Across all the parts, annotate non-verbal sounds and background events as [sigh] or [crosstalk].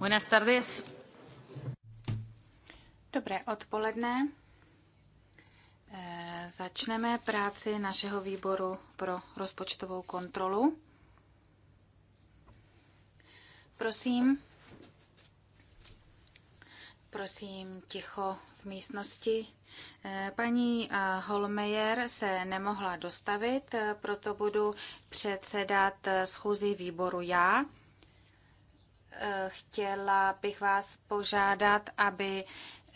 Buenas tardes. Dobré odpoledne. Eh, začneme práci našeho výboru pro rozpočtovou kontrolu. Prosím, prosím ticho v místnosti. Eh, paní eh, Holmejer se nemohla dostavit, proto budu předsedat schůzi výboru já. Eh, chtěla bych vás požádat, aby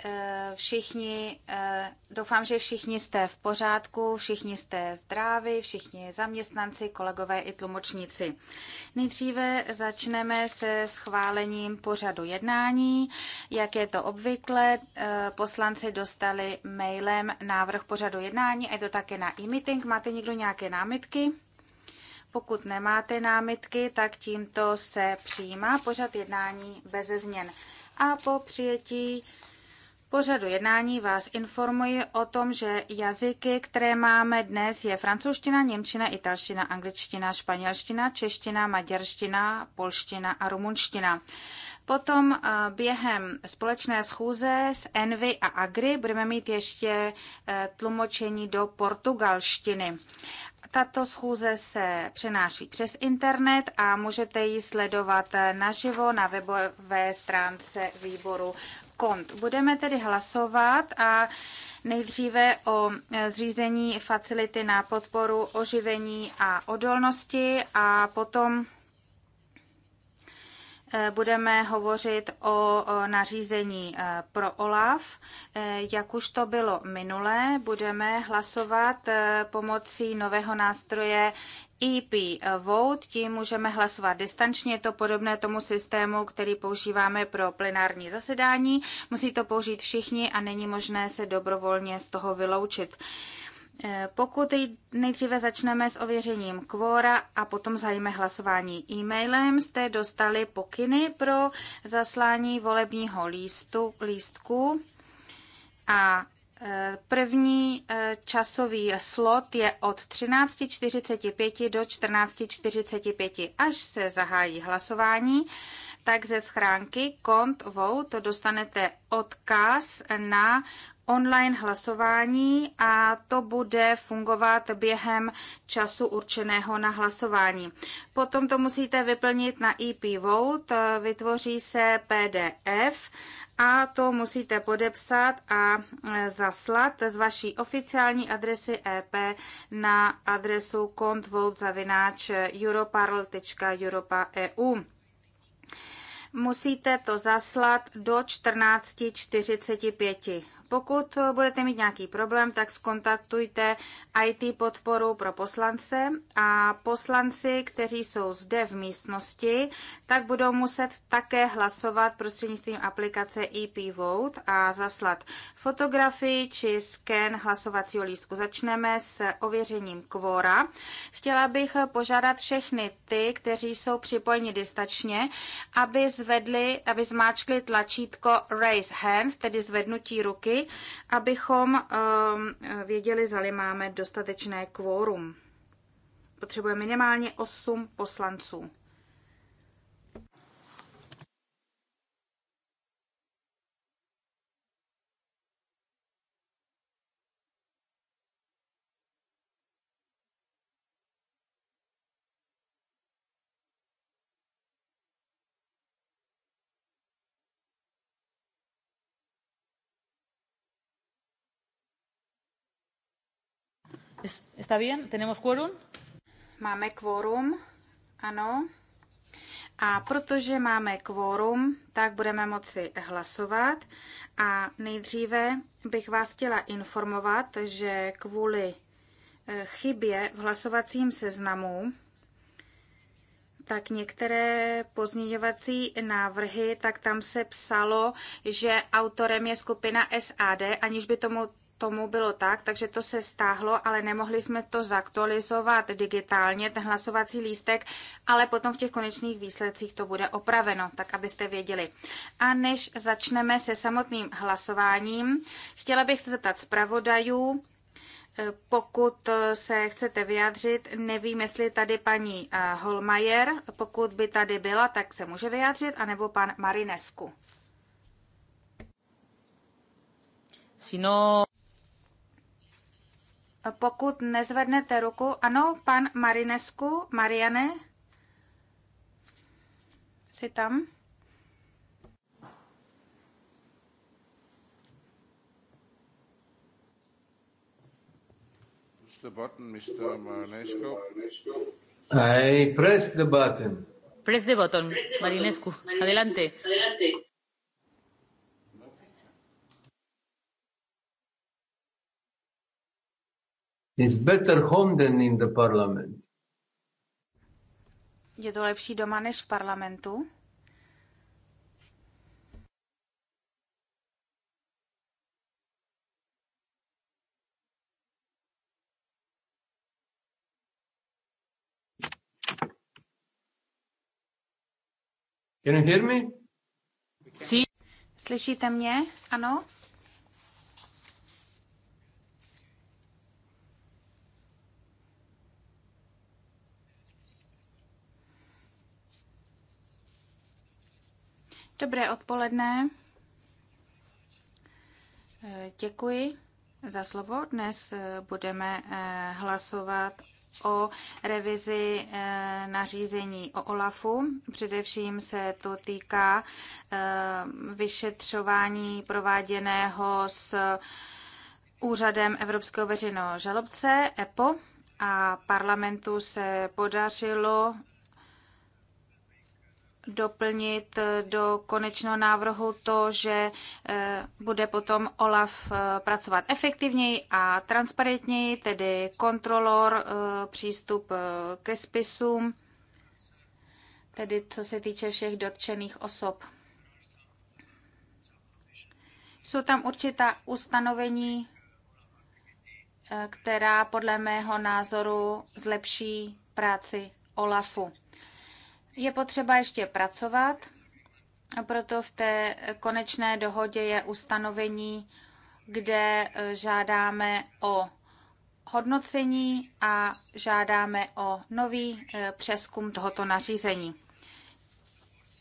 eh, všichni, eh, doufám, že všichni jste v pořádku, všichni jste zdraví, všichni zaměstnanci, kolegové i tlumočníci. Nejdříve začneme se schválením pořadu jednání. Jak je to obvykle, poslanci dostali mailem návrh pořadu jednání a je to také na e-meeting. Máte někdo nějaké námitky? Pokud nemáte námitky, tak tímto se přijímá pořad jednání bez změn. A po přijetí pořadu jednání vás informuji o tom, že jazyky, které máme dnes, je francouzština, němčina, italština, angličtina, španělština, čeština, maďarština, polština a rumunština. Potom eh, během společné schůze s Envy a Agri budeme mít ještě eh, tlumočení do portugalštiny. Tato schůze se přenáší přes internet a můžete ji sledovat naživo na webové stránce výboru KONT. Budeme tedy hlasovat a nejdříve o zřízení facility na podporu oživení a odolnosti a potom budeme hovořit o nařízení e, pro OLAF. E, jak už to bylo minulé, budeme hlasovat e, pomocí nového nástroje EP Vote, tím můžeme hlasovat distančně, je to podobné tomu systému, který používáme pro plenární zasedání. Musí to použít všichni a není možné se dobrovolně z toho vyloučit. Eh, pokud nejdříve začneme s ověřením kvóra a potom zajme hlasování e-mailem, jste dostali pokyny pro zaslání volebního lístu, lístku a eh, První eh, časový slot je od 13.45 do 14.45, až se zahájí hlasování tak ze schránky Kont to dostanete odkaz na online hlasování a to bude fungovat během času určeného na hlasování. Potom to musíte vyplnit na EP Vote, vytvoří se PDF a to musíte podepsat a e, zaslat z vaší oficiální adresy EP na adresu kontvote.europarl.europa.eu musíte to zaslat do 14.45. Pokud budete mít nějaký problém, tak skontaktujte IT podporu pro poslance a poslanci, kteří jsou zde v místnosti, tak budou muset také hlasovat prostřednictvím aplikace EP Vote a zaslat fotografii či scan hlasovacího lístku. Začneme s ověřením kvóra. Chtěla bych požádat všechny ty, kteří jsou připojeni distačně, aby zvedli, aby zmáčkli tlačítko Raise Hand, tedy zvednutí ruky, abychom eh, věděli, zali máme dostatečné kvórum. Potřebuje minimálně 8 poslanců. ¿Está bien? ¿Tenemos quórum? Máme quórum, ano. A protože máme quórum, tak budeme moci hlasovat. A nejdříve bych vás chtěla informovat, že kvůli eh, chybě v hlasovacím seznamu, tak některé pozměňovací návrhy, tak tam se psalo, že autorem je skupina SAD, aniž by tomu tomu bylo tak, takže to se stáhlo, ale nemohli jsme to zaktualizovat digitálně, ten hlasovací lístek, ale potom v těch konečných výsledcích to bude opraveno, tak abyste věděli. A než začneme se samotným hlasováním, chtěla bych se zeptat zpravodajů, eh, pokud se chcete vyjádřit, nevím, jestli tady paní eh, Holmajer, pokud by tady byla, tak se může vyjádřit, anebo pan Marinesku. Si no... Pokud nezvednete ruku, ano, pan Marinesku, Mariane, jsi tam? the button, Mr. Marinescu. I press the button. Press the button, Marinescu. Adelante. Adelante. It's better home than in the parliament. Je to lepší doma než v parlamentu? Can you hear me? Sí. Slyšíte mě? Ano? Dobré odpoledne. Eh, děkuji za slovo. Dnes eh, budeme eh, hlasovat o revizi nařízení o OLAFu. Především se to týká vyšetřování prováděného s úřadem Evropského veřejného žalobce EPO a parlamentu se podařilo doplnit do konečného návrhu to, že eh, bude potom OLAF eh, pracovat efektivněji a transparentněji, tedy kontrolor, eh, přístup ke spisům, tedy co se týče všech dotčených osob. Jsou tam určitá ustanovení, která podle mého názoru zlepší práci OLAFu. Je potřeba ještě pracovat, a proto v té konečné dohodě je ustanovení, kde e, žádáme o hodnocení a žádáme o nový e, přeskum tohoto nařízení.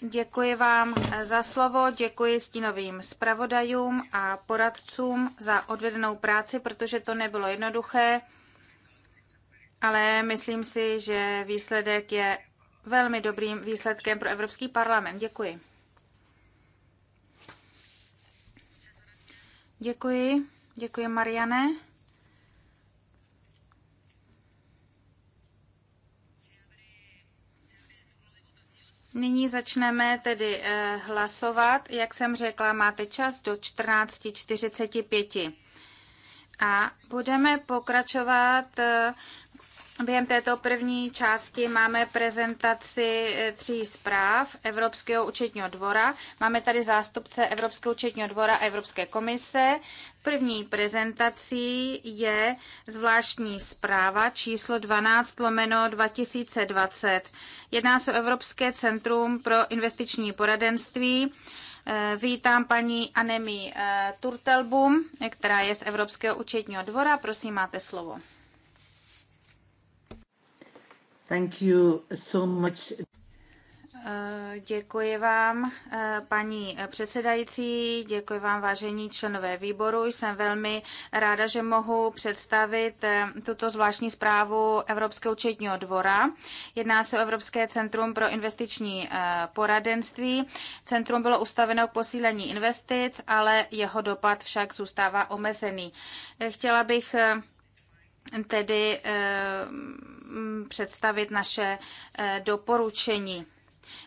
Děkuji vám za slovo, děkuji stínovým zpravodajům a poradcům za odvedenou práci, protože to nebylo jednoduché, ale myslím si, že výsledek je velmi dobrým výsledkem pro Evropský parlament. Děkuji. Děkuji. Děkuji, Mariane. Nyní začneme tedy eh, hlasovat. Jak jsem řekla, máte čas do 14.45. A budeme pokračovat eh, Během této první části máme prezentaci eh, tří zpráv Evropského účetního dvora. Máme tady zástupce Evropského účetního dvora a Evropské komise. První prezentací je zvláštní zpráva číslo 12 lomeno 2020. Jedná se o Evropské centrum pro investiční poradenství. Eh, vítám paní Anemi eh, Turtelbum, která je z Evropského účetního dvora. Prosím, máte slovo. Thank you so much. Eh, děkuji vám, eh, paní předsedající, děkuji vám, vážení členové výboru. Jsem velmi ráda, že mohu představit eh, tuto zvláštní zprávu Evropského účetního dvora. Jedná se o Evropské centrum pro investiční poradenství. Centrum bylo ustaveno k posílení investic, ale jeho dopad však zůstává omezený. Chtěla bych tedy eh, představit naše eh, doporučení.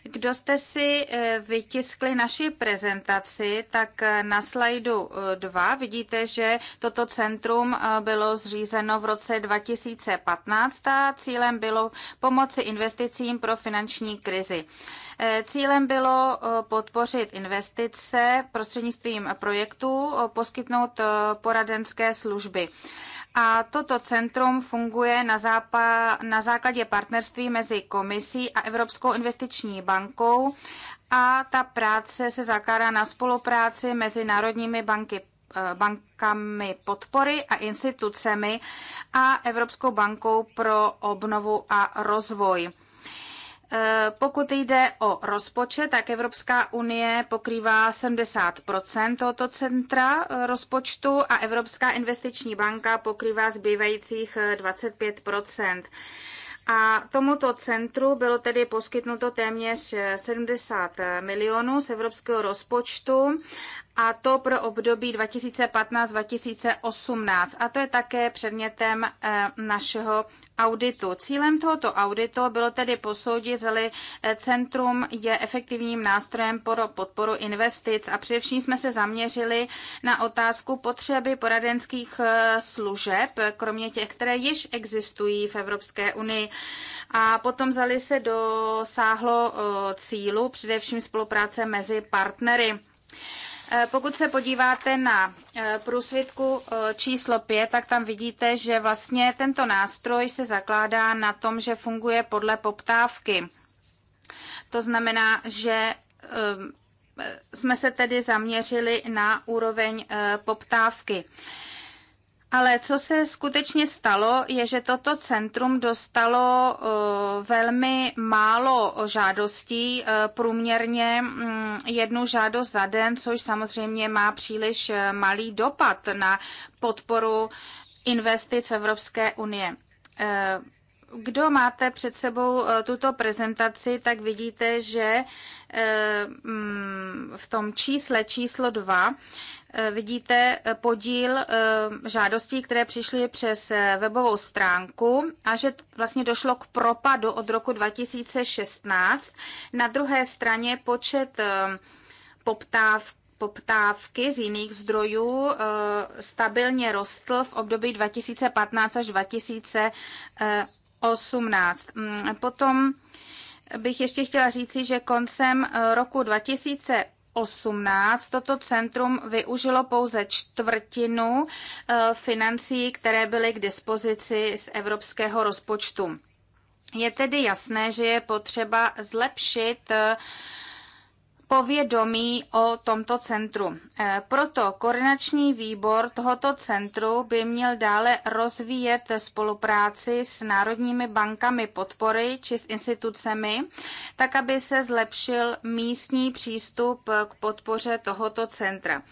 Kdo jste si eh, vytiskli naši prezentaci, tak na slajdu 2 vidíte, že toto centrum bylo zřízeno v roce 2015 a cílem bylo pomoci investicím pro finanční krizi. Cílem bylo podpořit investice prostřednictvím projektů, poskytnout poradenské služby a toto centrum funguje na, zápa, na základě partnerství mezi komisí a Evropskou investiční bankou a ta práce se zakládá na spolupráci mezi národními banky eh, bankami podpory a institucemi a Evropskou bankou pro obnovu a rozvoj. Eh, pokud jde o rozpočet, tak Evropská unie pokrývá 70 tohoto centra eh, rozpočtu a Evropská investiční banka pokrývá zbývajících 25 eh, a tomuto centru bylo tedy poskytnuto téměř 70 milionů z evropského rozpočtu a to pro období 2015-2018. A to je také předmětem eh, našeho auditu. Cílem tohoto auditu bylo tedy posoudit, zda eh, centrum je efektivním nástrojem pro podporu investic a především jsme se zaměřili na otázku potřeby poradenských eh, služeb, kromě těch, které již existují v Evropské unii. A potom zali se dosáhlo cílu, především spolupráce mezi partnery. Eh, pokud se podíváte na eh, průsvitku eh, číslo 5, tak tam vidíte, že vlastně tento nástroj se zakládá na tom, že funguje podle poptávky. To znamená, že jsme se tedy zaměřili na úroveň poptávky. Ale co se skutečně stalo, je, že toto centrum dostalo eh, velmi málo žádostí, eh, průměrně mm, jednu žádost za den, což samozřejmě má příliš eh, malý dopad na podporu investic v Evropské unie. Kdo máte před sebou tuto prezentaci, tak vidíte, že mm, v tom čísle číslo 2 Eh, vidíte eh, podíl eh, žádostí, které přišly přes webovou stránku a že vlastně došlo k propadu od roku 2016. Na druhé straně počet poptávky poptávky z jiných zdrojů stabilně rostl v období 2015 až 2018. Mm, potom bych ještě chtěla říci, že koncem roku 2000 2018 toto centrum využilo pouze čtvrtinu eh, financí, které byly k dispozici z evropského rozpočtu. Je tedy jasné, že je potřeba zlepšit eh, povědomí o tomto centru. E, proto koordinační výbor tohoto centru by měl dále rozvíjet spolupráci s národními bankami podpory či s institucemi, tak aby se zlepšil místní přístup k podpoře tohoto centra.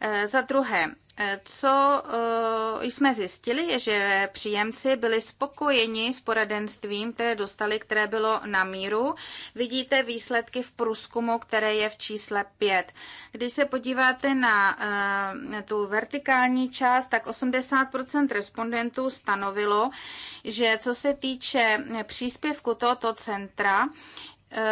E, za druhé, e, co jsme zjistili, je, že příjemci byli spokojeni s poradenstvím, které dostali, které bylo na míru. Vidíte výsledky v průzkumu, které je v čísle 5. Když se podíváte na eh, tu vertikální část, tak 80% respondentů stanovilo, že co se týče příspěvku tohoto centra, eh,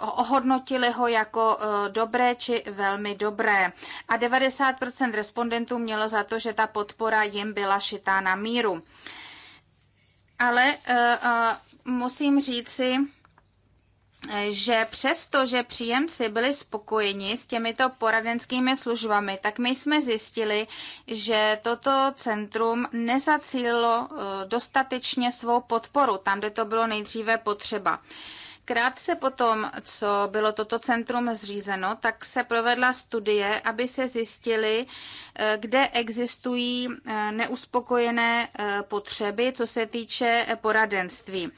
ohodnotili ho jako eh, dobré či velmi dobré. A 90% respondentů mělo za to, že ta podpora jim byla šitá na míru. Ale musím říci, že přesto, že příjemci byli spokojeni s těmito poradenskými službami, tak my jsme zjistili, že toto centrum nezacílilo eh, dostatečně svou podporu tam, kde to bylo nejdříve potřeba. Krátce potom, co bylo toto centrum zřízeno, tak se provedla studie, aby se zjistili, eh, kde existují eh, neuspokojené potřeby, co se týče poradenství.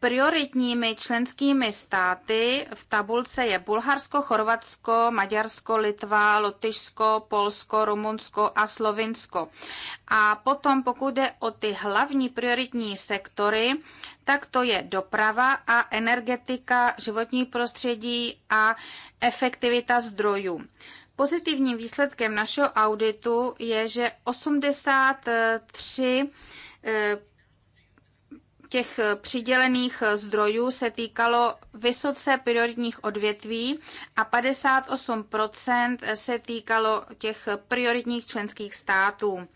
Prioritními členskými státy v tabulce je Bulharsko, Chorvatsko, Maďarsko, Litva, Lotyšsko, Polsko, Rumunsko a Slovinsko. A potom, pokud jde o ty hlavní prioritní sektory, tak to je doprava a energetika, životní prostředí a efektivita zdrojů. Pozitivním výsledkem našeho auditu je, že 83 těch eh, přidělených eh, zdrojů se týkalo vysoce prioritních odvětví a 58 se týkalo těch prioritních členských států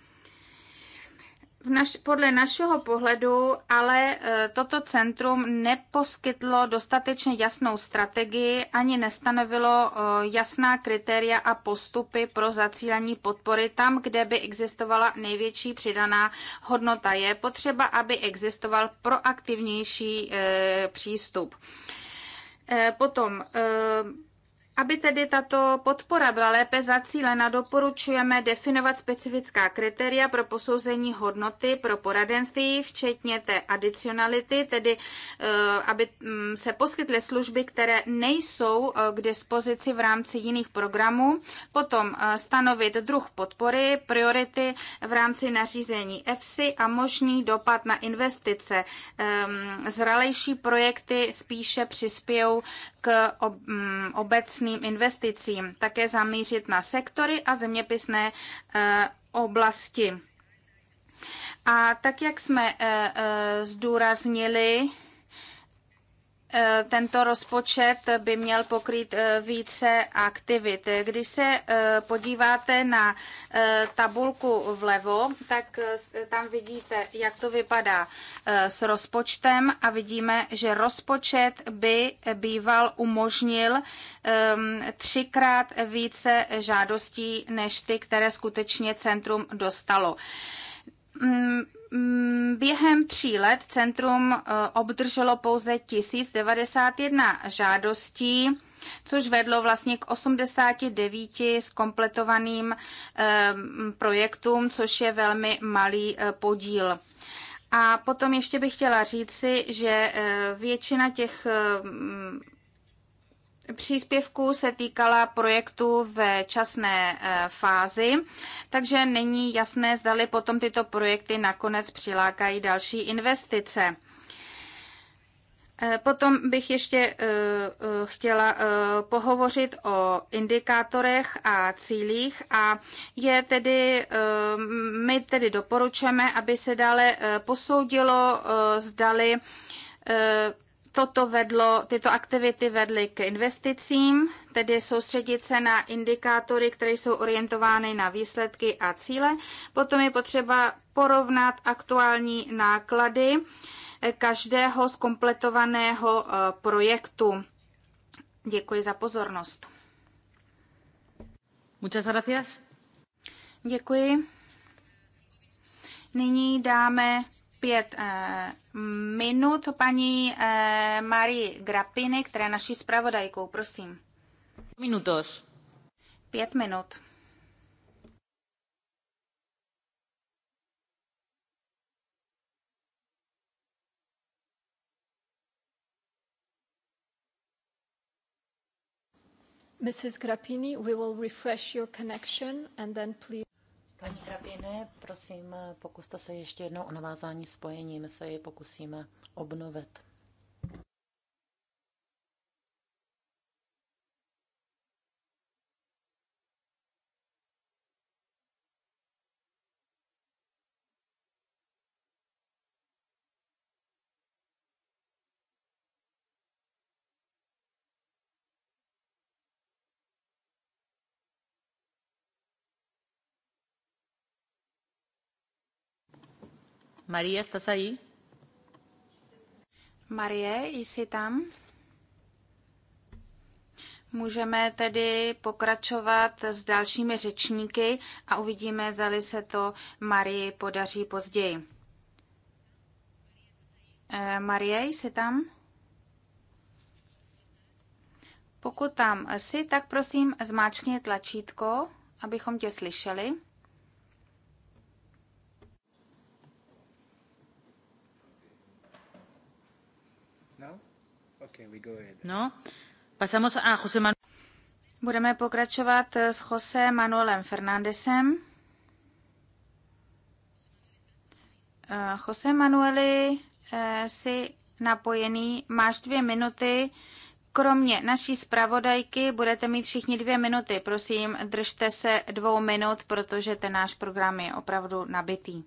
v naš, podle našeho pohledu ale eh, toto centrum neposkytlo dostatečně jasnou strategii ani nestanovilo eh, jasná kritéria a postupy pro zacílení podpory tam, kde by existovala největší přidaná hodnota. Je potřeba, aby existoval proaktivnější eh, přístup. Potom aby tedy tato podpora byla lépe zacílena, doporučujeme definovat specifická kritéria pro posouzení hodnoty pro poradenství, včetně té adicionality, tedy eh, aby mm, se poskytly služby, které nejsou eh, k dispozici v rámci jiných programů, potom eh, stanovit druh podpory, priority v rámci nařízení EFSI a možný dopad na investice. Ehm, zralejší projekty spíše přispějou k mm, obecně obecným investicím, také zamířit na sektory a zeměpisné eh, oblasti. A tak, jak jsme eh, eh, zdůraznili, Eh, tento rozpočet by měl pokrýt eh, více aktivit. Když se eh, podíváte na tabulku vlevo, tak tam vidíte, jak to vypadá s rozpočtem a vidíme, že rozpočet by býval umožnil ehm, třikrát více žádostí, než ty, které skutečně centrum dostalo mm, Mm, během tří let centrum eh, obdrželo pouze 1091 žádostí, což vedlo vlastně k 89 skompletovaným eh, projektům, což je velmi malý eh, podíl. A potom ještě bych chtěla říci, že většina těch příspěvků se týkala projektu ve časné eh, fázi, takže není jasné, zdali potom tyto projekty nakonec přilákají další investice. Eh, potom bych ještě eh, chtěla pohovořit o indikátorech a cílích a je tedy, my tedy doporučujeme, aby se dále posoudilo, zdali Toto vedlo, tyto aktivity vedly k investicím, tedy soustředit se na indikátory, které jsou orientovány na výsledky a cíle. Potom je potřeba porovnat aktuální náklady eh, každého zkompletovaného eh, projektu. Děkuji za pozornost. Muchas gracias. Děkuji. Nyní dáme pět eh, minut paní eh, Marii Grapiny, která je naší zpravodajkou. Prosím. Minutos. Pět minut. Mrs. Grappini, we will refresh your connection and then please. Paní Krapine, prosím, pokuste se ještě jednou o navázání spojení. My se ji pokusíme obnovit. María, ¿estás ahí? Marie, jsi tam? Můžeme tedy pokračovat s dalšími řečníky a uvidíme, zali se to Marie podaří později. Eh, Marie, jsi tam? Pokud tam jsi, tak prosím zmáčkně tlačítko, abychom tě slyšeli. No, Budeme pokračovat s Jose Manuelem Fernándesem. Eh, Jose Manueli, eh, jsi napojený, máš dvě minuty. Kromě naší zpravodajky budete mít všichni dvě minuty. Prosím, držte se dvou minut, protože ten náš program je opravdu nabitý.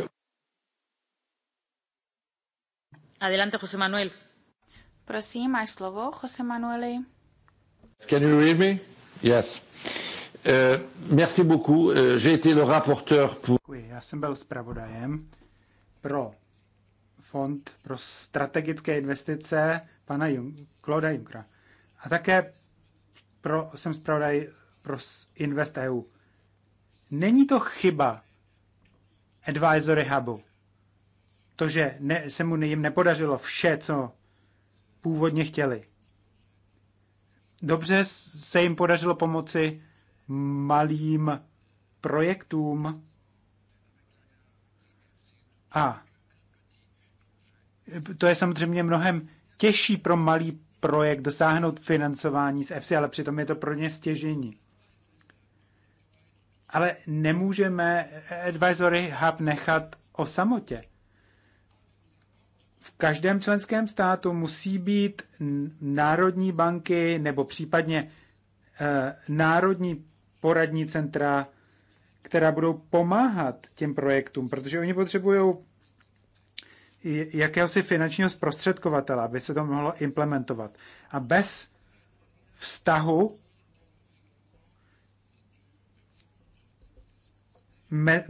Uh. Adelante, José Manuel. Prosím, máš slovo, José Manueli. Can you hear me? Yes. Uh, merci beaucoup. Uh, J'ai été le rapporteur pour... Děkuji. Já jsem byl zpravodajem pro Fond pro strategické investice pana Jung, Claude Junckera. A také pro, jsem zpravodaj pro Invest EU. Není to chyba advisory hubu to, že ne, se mu jim nepodařilo vše, co původně chtěli. Dobře se jim podařilo pomoci malým projektům a to je samozřejmě mnohem těžší pro malý projekt dosáhnout financování z EFSI, ale přitom je to pro ně stěžení. Ale nemůžeme advisory hub nechat o samotě v každém členském státu musí být národní banky nebo případně e, národní poradní centra, která budou pomáhat těm projektům, protože oni potřebují jakéhosi finančního zprostředkovatele, aby se to mohlo implementovat. A bez vztahu me,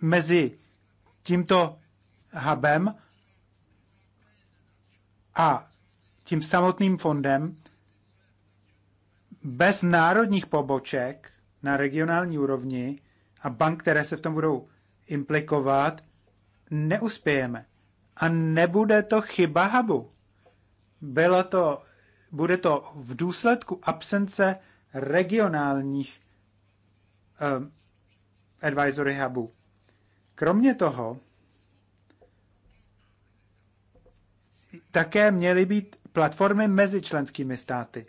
mezi tímto hubem a tím samotným fondem bez národních poboček na regionální úrovni a bank, které se v tom budou implikovat, neuspějeme. A nebude to chyba hubu. Byla to, bude to v důsledku absence regionálních um, advisory hubů. Kromě toho, také měly být platformy mezi členskými státy.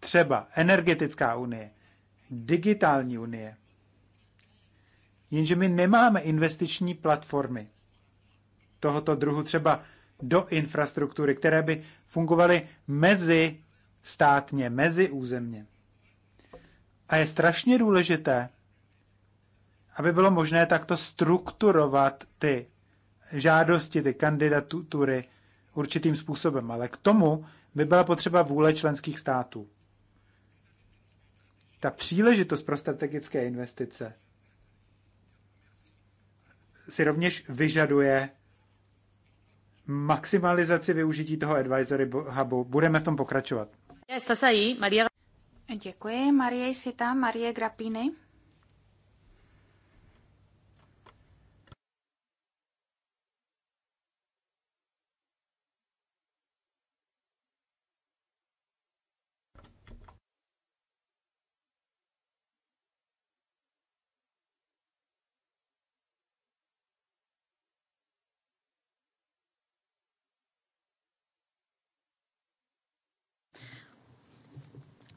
Třeba energetická unie, digitální unie. Jenže my nemáme investiční platformy tohoto druhu, třeba do infrastruktury, které by fungovaly mezi státně, mezi územně. A je strašně důležité, aby bylo možné takto strukturovat ty žádosti, ty kandidatury určitým způsobem, ale k tomu by byla potřeba vůle členských států. Ta příležitost pro strategické investice si rovněž vyžaduje maximalizaci využití toho advisory hubu. Budeme v tom pokračovat. Děkuji. Marie, jsi tam? Marie Grapini.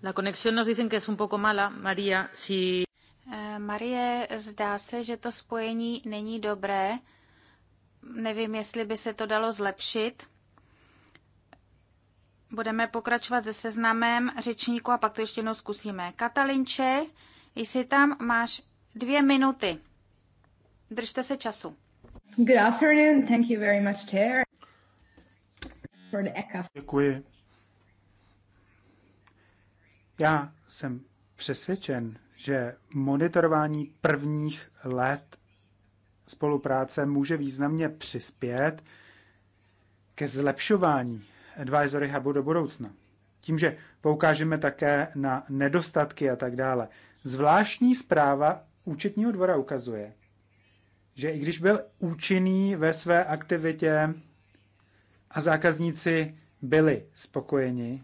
La conexión nos dicen que es un poco mala, María. Si... Eh, Marie, zdá se, že to spojení není dobré. Nevím, jestli by se to dalo zlepšit. Budeme pokračovat se seznamem řečníku a pak to ještě jednou zkusíme. Katalinče, jsi tam máš dvě minuty. Držte se času. Good afternoon, thank you very much, Chair. For the ECA. Děkuji já jsem přesvědčen, že monitorování prvních let spolupráce může významně přispět ke zlepšování advisory hubu do budoucna. Tím, že poukážeme také na nedostatky a tak dále. Zvláštní zpráva účetního dvora ukazuje, že i když byl účinný ve své aktivitě a zákazníci byli spokojeni,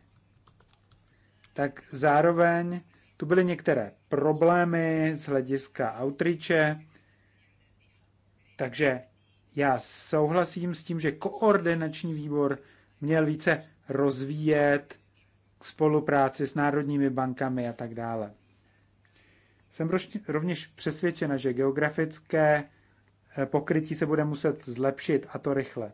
tak zároveň tu byly některé problémy z hlediska outreache, takže já souhlasím s tím, že koordinační výbor měl více rozvíjet spolupráci s národními bankami a tak dále. Jsem rovněž přesvědčena, že geografické eh, pokrytí se bude muset zlepšit a to rychle.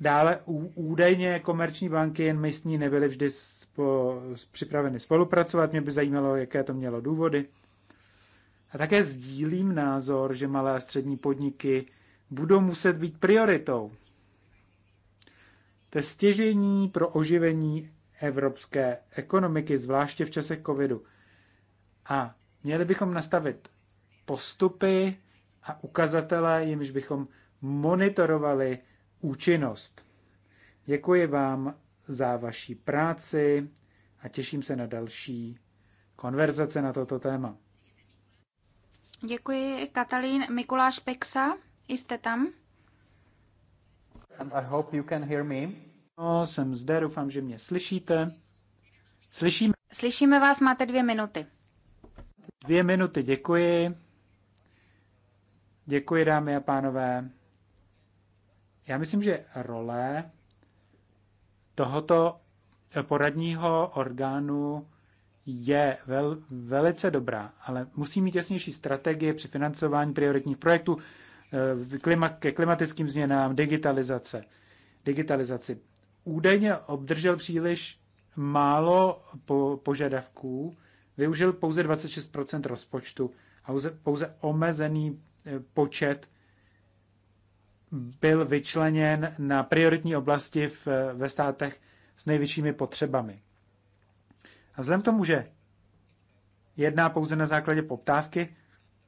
Dále údajně komerční banky jen místní nebyly vždy spo, připraveny spolupracovat. Mě by zajímalo, jaké to mělo důvody. A také sdílím názor, že malé a střední podniky budou muset být prioritou. To je stěžení pro oživení evropské ekonomiky, zvláště v čase covidu. A měli bychom nastavit postupy a ukazatele, jimž bychom monitorovali účinnost. Děkuji vám za vaší práci a těším se na další konverzace na toto téma. Děkuji, Katalín. Mikuláš Peksa, jste tam? I hope you can hear me. No, jsem zde, doufám, že mě slyšíte. Slyšíme. Slyšíme vás, máte dvě minuty. Dvě minuty, děkuji. Děkuji, dámy a pánové. Já myslím, že role tohoto poradního orgánu je vel, velice dobrá, ale musí mít jasnější strategie při financování prioritních projektů eh, ke klimatickým změnám, digitalizace, digitalizaci. Údajně obdržel příliš málo po, požadavků, využil pouze 26 rozpočtu a pouze omezený eh, počet byl vyčleněn na prioritní oblasti v, ve státech s největšími potřebami. A vzhledem k tomu, že jedná pouze na základě poptávky,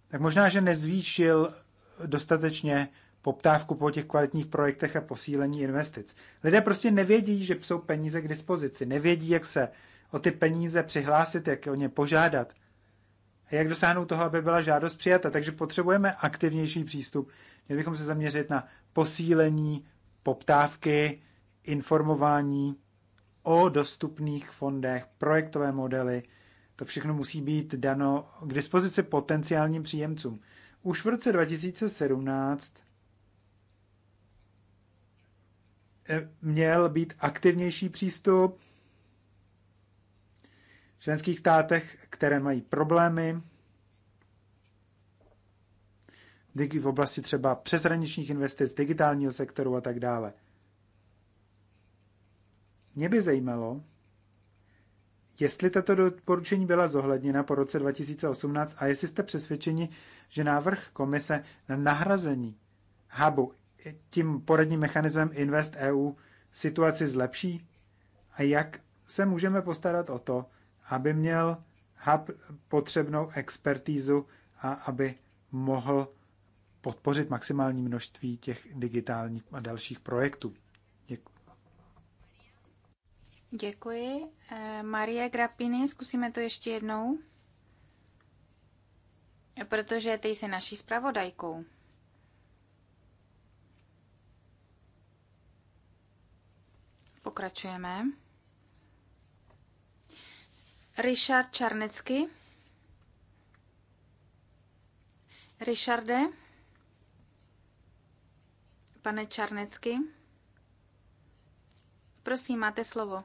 tak možná, že nezvýšil dostatečně poptávku po těch kvalitních projektech a posílení investic. Lidé prostě nevědí, že jsou peníze k dispozici, nevědí, jak se o ty peníze přihlásit, jak o ně požádat, a jak dosáhnout toho, aby byla žádost přijata. Takže potřebujeme aktivnější přístup Měli bychom se zaměřit na posílení poptávky, informování o dostupných fondech, projektové modely. To všechno musí být dano k dispozici potenciálním příjemcům. Už v roce 2017 eh, měl být aktivnější přístup v členských státech, které mají problémy v oblasti třeba přeshraničních investic, digitálního sektoru a tak dále. Mě by zajímalo, jestli tato doporučení byla zohledněna po roce 2018 a jestli jste přesvědčeni, že návrh komise na nahrazení hubu tím poradním mechanismem Invest EU situaci zlepší a jak se můžeme postarat o to, aby měl hub potřebnou expertízu a aby mohl podpořit maximální množství těch digitálních a dalších projektů. Děkuji. Děkuji. Eh, Marie Grapiny, zkusíme to ještě jednou, protože ty jsi naší zpravodajkou. Pokračujeme. Richard Čarnecky. Richarde. Pane Čarnecky, prosím, máte slovo.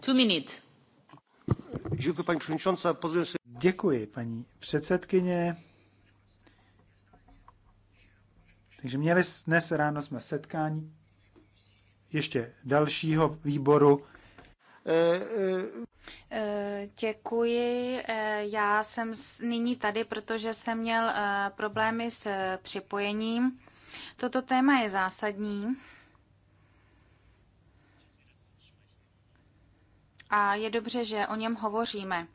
Two minutes. Děkuji, paní předsedkyně. Děkuji, paní předsedkyně. Takže měli dnes ráno jsme setkání ještě dalšího výboru Děkuji. Eh, já jsem nyní tady, protože jsem měl eh, problémy s eh, připojením. Toto téma je zásadní. A je dobře, že o něm hovoříme.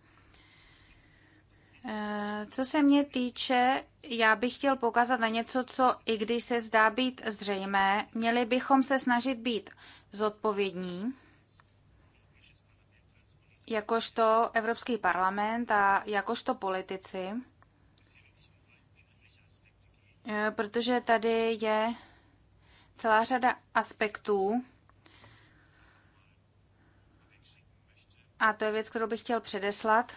Co se mě týče, já bych chtěl pokazat na něco, co i když se zdá být zřejmé, měli bychom se snažit být zodpovědní jakožto Evropský parlament a jakožto politici, eh, protože tady je celá řada aspektů, a to je věc, kterou bych chtěl předeslat.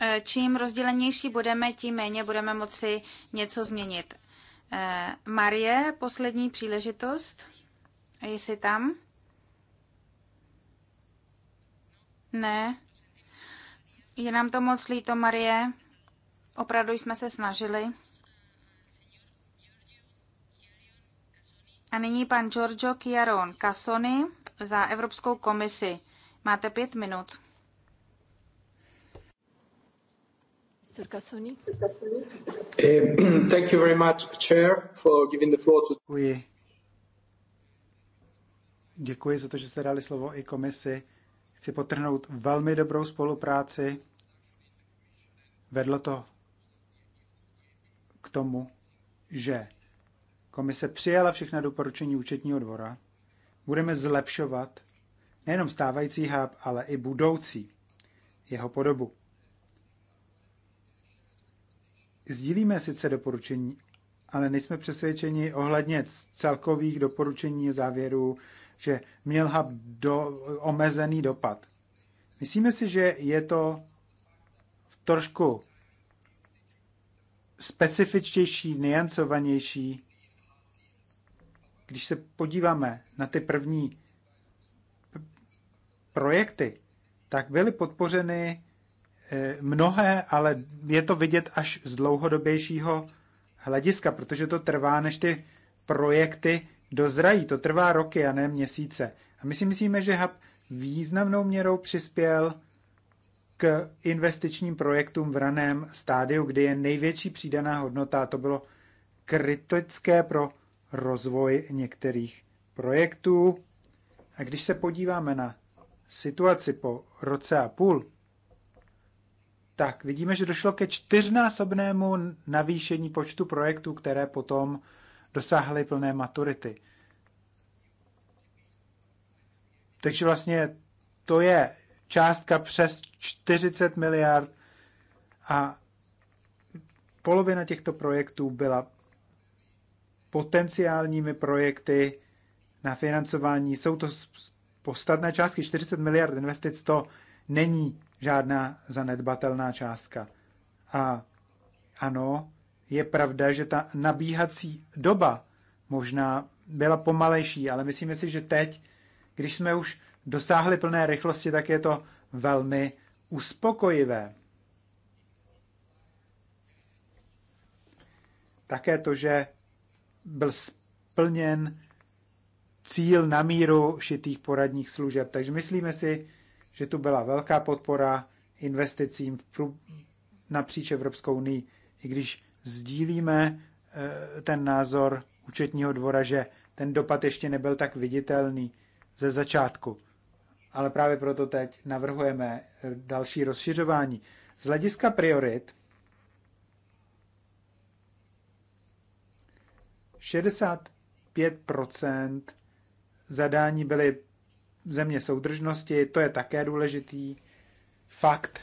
Eh, čím rozdělenější budeme, tím méně budeme moci něco změnit. Eh, Marie, poslední příležitost. Jsi tam? Ne. Je nám to moc líto, Marie. Opravdu jsme se snažili. A nyní pan Giorgio Chiaron Cassoni za Evropskou komisi. Máte pět minut. Eh, [clears throat] thank you very much, Chair, for giving the floor to... Děkuji. Děkuji za to, že jste dali slovo i komisi. Chci potrhnout velmi dobrou spolupráci. Vedlo to k tomu, že komise přijala všechna doporučení účetního dvora. Budeme zlepšovat nejenom stávající hub, ale i budoucí jeho podobu. Sdílíme sice doporučení, ale nejsme přesvědčeni ohledně celkových doporučení závěrů, že měl hub do, omezený dopad. Myslíme si, že je to trošku specifičtější, niancovanější. Když se podíváme na ty první projekty, tak byly podpořeny Eh, mnohé, ale je to vidět až z dlouhodobějšího hlediska, protože to trvá, než ty projekty dozrají. To trvá roky a ne měsíce. A my si myslíme, že Hub významnou měrou přispěl k investičním projektům v raném stádiu, kdy je největší přidaná hodnota a to bylo kritické pro rozvoj některých projektů. A když se podíváme na situaci po roce a půl, tak vidíme, že došlo ke čtyřnásobnému navýšení počtu projektů, které potom dosáhly plné maturity. Takže vlastně to je částka přes 40 miliard a polovina těchto projektů byla potenciálními projekty na financování. Jsou to podstatné částky, 40 miliard investic, to není žádná zanedbatelná částka. A ano, je pravda, že ta nabíhací doba možná byla pomalejší, ale myslíme si, že teď, když jsme už dosáhli plné rychlosti, tak je to velmi uspokojivé. Také to, že byl splněn cíl na míru šitých poradních služeb. Takže myslíme si, že tu byla velká podpora investicím napříč Evropskou unii, i když sdílíme eh, ten názor účetního dvora, že ten dopad ještě nebyl tak viditelný ze začátku. Ale právě proto teď navrhujeme eh, další rozšiřování. Z hlediska priorit 65 zadání byly země soudržnosti, to je také důležitý fakt.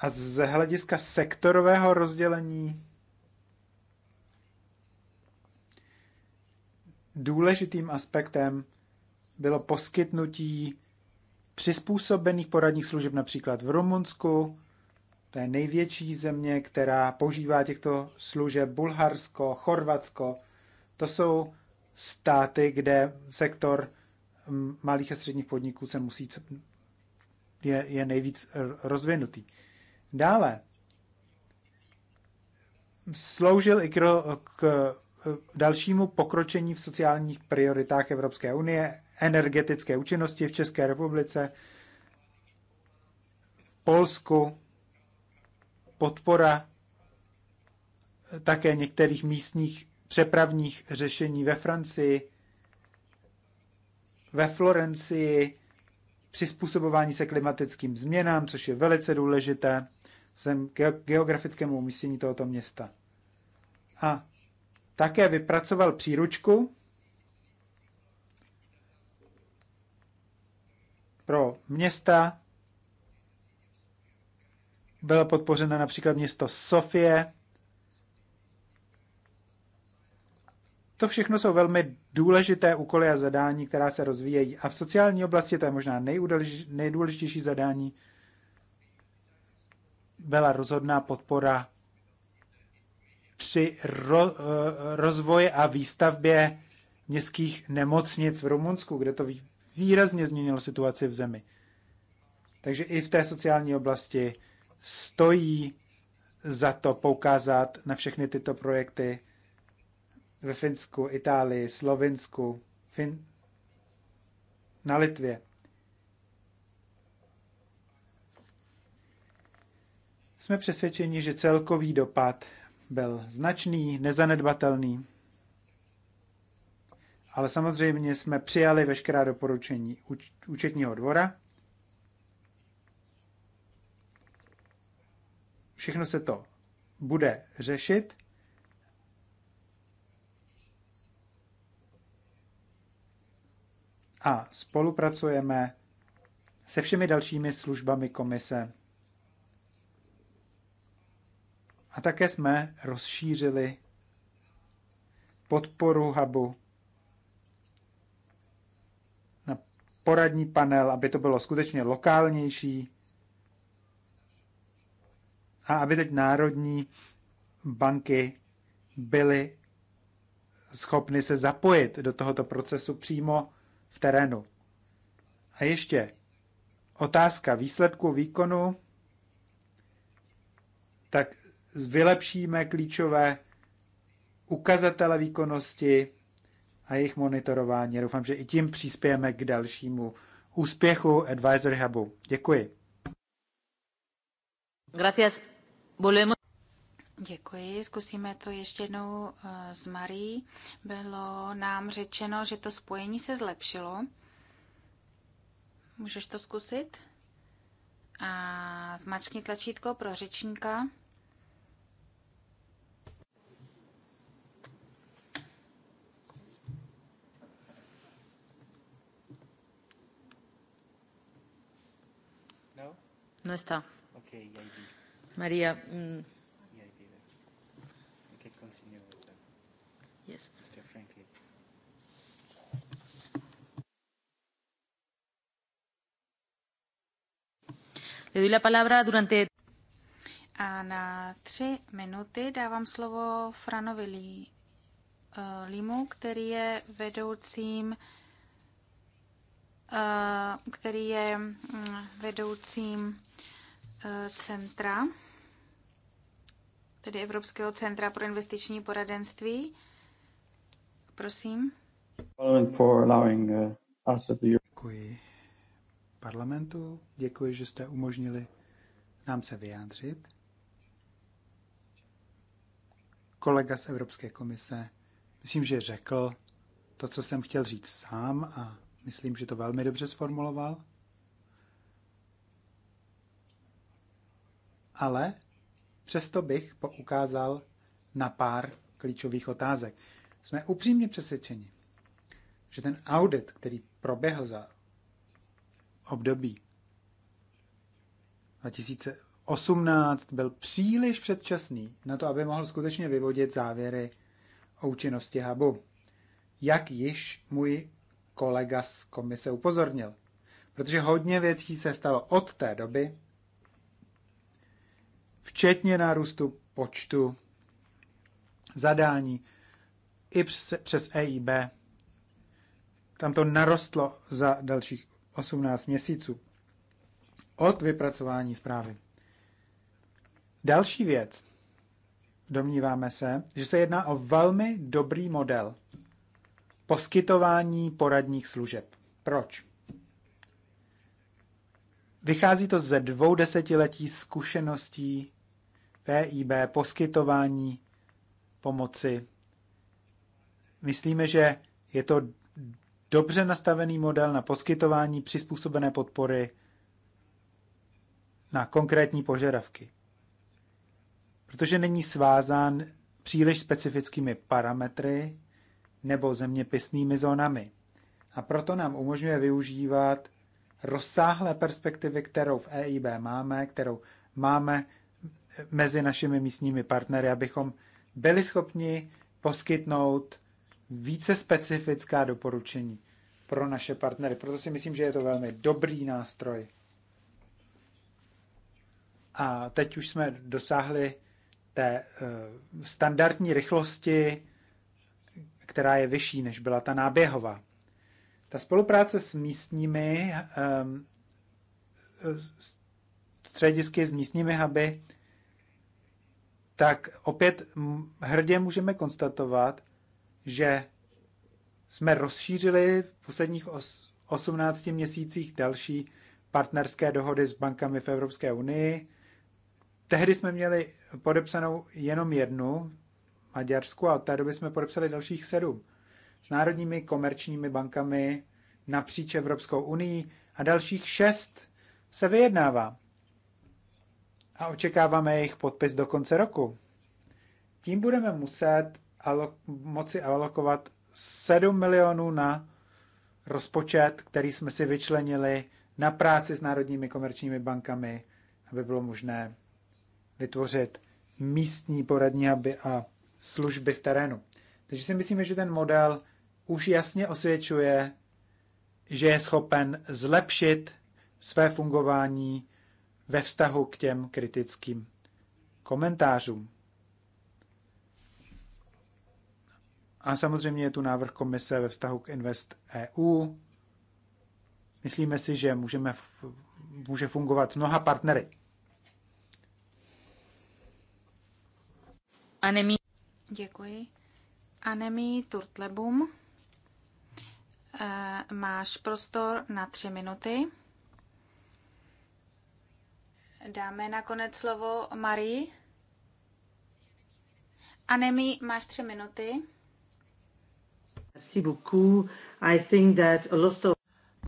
A z hlediska sektorového rozdělení důležitým aspektem bylo poskytnutí přizpůsobených poradních služeb například v Rumunsku, to je největší země, která používá těchto služeb, Bulharsko, Chorvatsko. To jsou státy, kde sektor malých a středních podniků se musí, je, je nejvíc rozvinutý. Dále sloužil i k, k dalšímu pokročení v sociálních prioritách Evropské unie, energetické účinnosti v České republice, Polsku, podpora eh, také některých místních přepravních řešení ve Francii, ve Florencii přizpůsobování se klimatickým změnám, což je velice důležité sem k geografickému umístění tohoto města. A také vypracoval příručku pro města. Bylo podpořeno například město Sofie, To všechno jsou velmi důležité úkoly a zadání, která se rozvíjejí. A v sociální oblasti to je možná nejdůležitější zadání. Byla rozhodná podpora při ro, eh, rozvoji a výstavbě městských nemocnic v Rumunsku, kde to výrazně změnilo situaci v zemi. Takže i v té sociální oblasti stojí za to poukázat na všechny tyto projekty ve Finsku, Itálii, Slovinsku, fin... na Litvě. Jsme přesvědčeni, že celkový dopad byl značný, nezanedbatelný, ale samozřejmě jsme přijali veškerá doporučení účetního dvora. Všechno se to bude řešit a spolupracujeme se všemi dalšími službami komise. A také jsme rozšířili podporu hubu na poradní panel, aby to bylo skutečně lokálnější a aby teď národní banky byly schopny se zapojit do tohoto procesu přímo terénu. A ještě otázka výsledku výkonu. Tak vylepšíme klíčové ukazatele výkonnosti a jejich monitorování. Doufám, že i tím přispějeme k dalšímu úspěchu Advisory Hubu. Děkuji. Gracias. Volvemos. Děkuji. Zkusíme to ještě jednou eh, s Marí. Bylo nám řečeno, že to spojení se zlepšilo. Můžeš to zkusit? A zmačkni tlačítko pro řečníka. No, no está. Okay, Maria, mm. Le doy la palabra durante... A na tři minuty dávám slovo Franovi Lí, eh, Límu, který je vedoucím eh, který je mm, vedoucím eh, centra, tedy Evropského centra pro investiční poradenství. Prosím. Děkuji parlamentu. Děkuji, že jste umožnili nám se vyjádřit. Kolega z Evropské komise, myslím, že řekl to, co jsem chtěl říct sám a myslím, že to velmi dobře sformuloval. Ale přesto bych poukázal na pár klíčových otázek. Jsme upřímně přesvědčeni, že ten audit, který proběhl za období. 2018 byl příliš předčasný na to, aby mohl skutečně vyvodit závěry o účinnosti hubu. Jak již můj kolega z komise upozornil. Protože hodně věcí se stalo od té doby, včetně nárůstu počtu zadání i přes, přes EIB. Tam to narostlo za dalších 18 měsíců od vypracování zprávy. Další věc. Domníváme se, že se jedná o velmi dobrý model poskytování poradních služeb. Proč? Vychází to ze dvou desetiletí zkušeností PIB poskytování pomoci. Myslíme, že je to dobře nastavený model na poskytování přizpůsobené podpory na konkrétní požadavky. Protože není svázán příliš specifickými parametry nebo zeměpisnými zónami. A proto nám umožňuje využívat rozsáhlé perspektivy, kterou v EIB máme, kterou máme mezi našimi místními partnery, abychom byli schopni poskytnout více specifická doporučení pro naše partnery. Proto si myslím, že je to velmi dobrý nástroj. A teď už jsme dosáhli té uh, standardní rychlosti, která je vyšší, než byla ta náběhová. Ta spolupráce s místními um, středisky, s místními huby, tak opět hrdě můžeme konstatovat, že jsme rozšířili v posledních 18 měsících další partnerské dohody s bankami v Evropské unii. Tehdy jsme měli podepsanou jenom jednu, Maďarsku, a od té doby jsme podepsali dalších sedm s národními komerčními bankami napříč Evropskou unii a dalších šest se vyjednává. A očekáváme jejich podpis do konce roku. Tím budeme muset alok, moci alokovat 7 milionů na rozpočet, který jsme si vyčlenili na práci s národními komerčními bankami, aby bylo možné vytvořit místní poradní aby a služby v terénu. Takže si myslíme, že ten model už jasně osvědčuje, že je schopen zlepšit své fungování ve vztahu k těm kritickým komentářům. A samozřejmě je tu návrh komise ve vztahu k Invest EU. Myslíme si, že můžeme, může fungovat s mnoha partnery. Anemí. Děkuji. Anemí Turtlebum. E, máš prostor na tři minuty. Dáme nakonec slovo Marii. Anemí, máš tři minuty.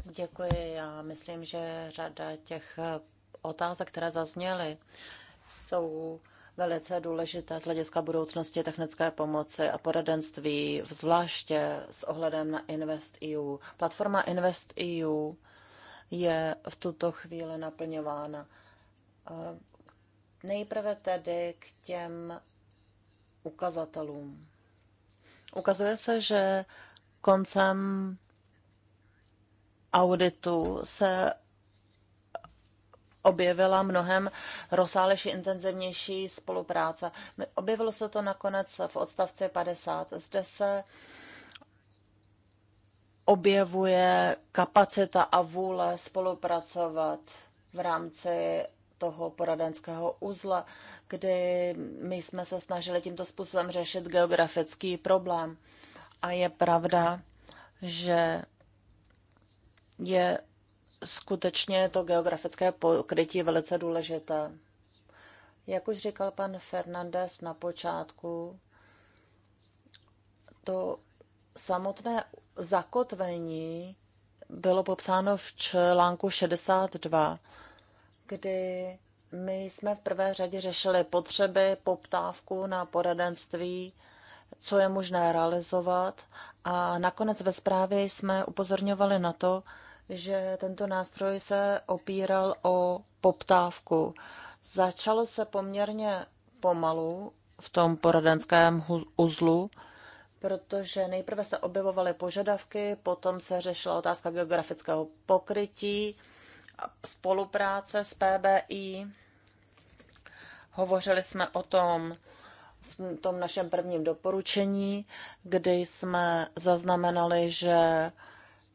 Děkuji. Já myslím, že řada těch eh, otázek, které zazněly, jsou velice důležité z hlediska budoucnosti technické pomoci a poradenství, zvláště s ohledem na InvestEU. Platforma InvestEU je v tuto chvíli naplňována. Eh, nejprve tedy k těm ukazatelům. Ukazuje se, že koncem auditu se objevila mnohem rozsálejší, intenzivnější spolupráce. Objevilo se to nakonec v odstavci 50. Zde se objevuje kapacita a vůle spolupracovat v rámci toho poradenského uzla, kdy my jsme se snažili tímto způsobem řešit geografický problém. A je pravda, že je skutečně to geografické pokrytí velice důležité. Jak už říkal pan Fernandez na počátku, to samotné zakotvení bylo popsáno v článku 62 kdy my jsme v prvé řadě řešili potřeby, poptávku na poradenství, co je možné realizovat a nakonec ve zprávě jsme upozorňovali na to, že tento nástroj se opíral o poptávku. Začalo se poměrně pomalu v tom poradenském uzlu, protože nejprve se objevovaly požadavky, potom se řešila otázka geografického pokrytí, spolupráce s PBI. Hovořili jsme o tom v tom našem prvním doporučení, kdy jsme zaznamenali, že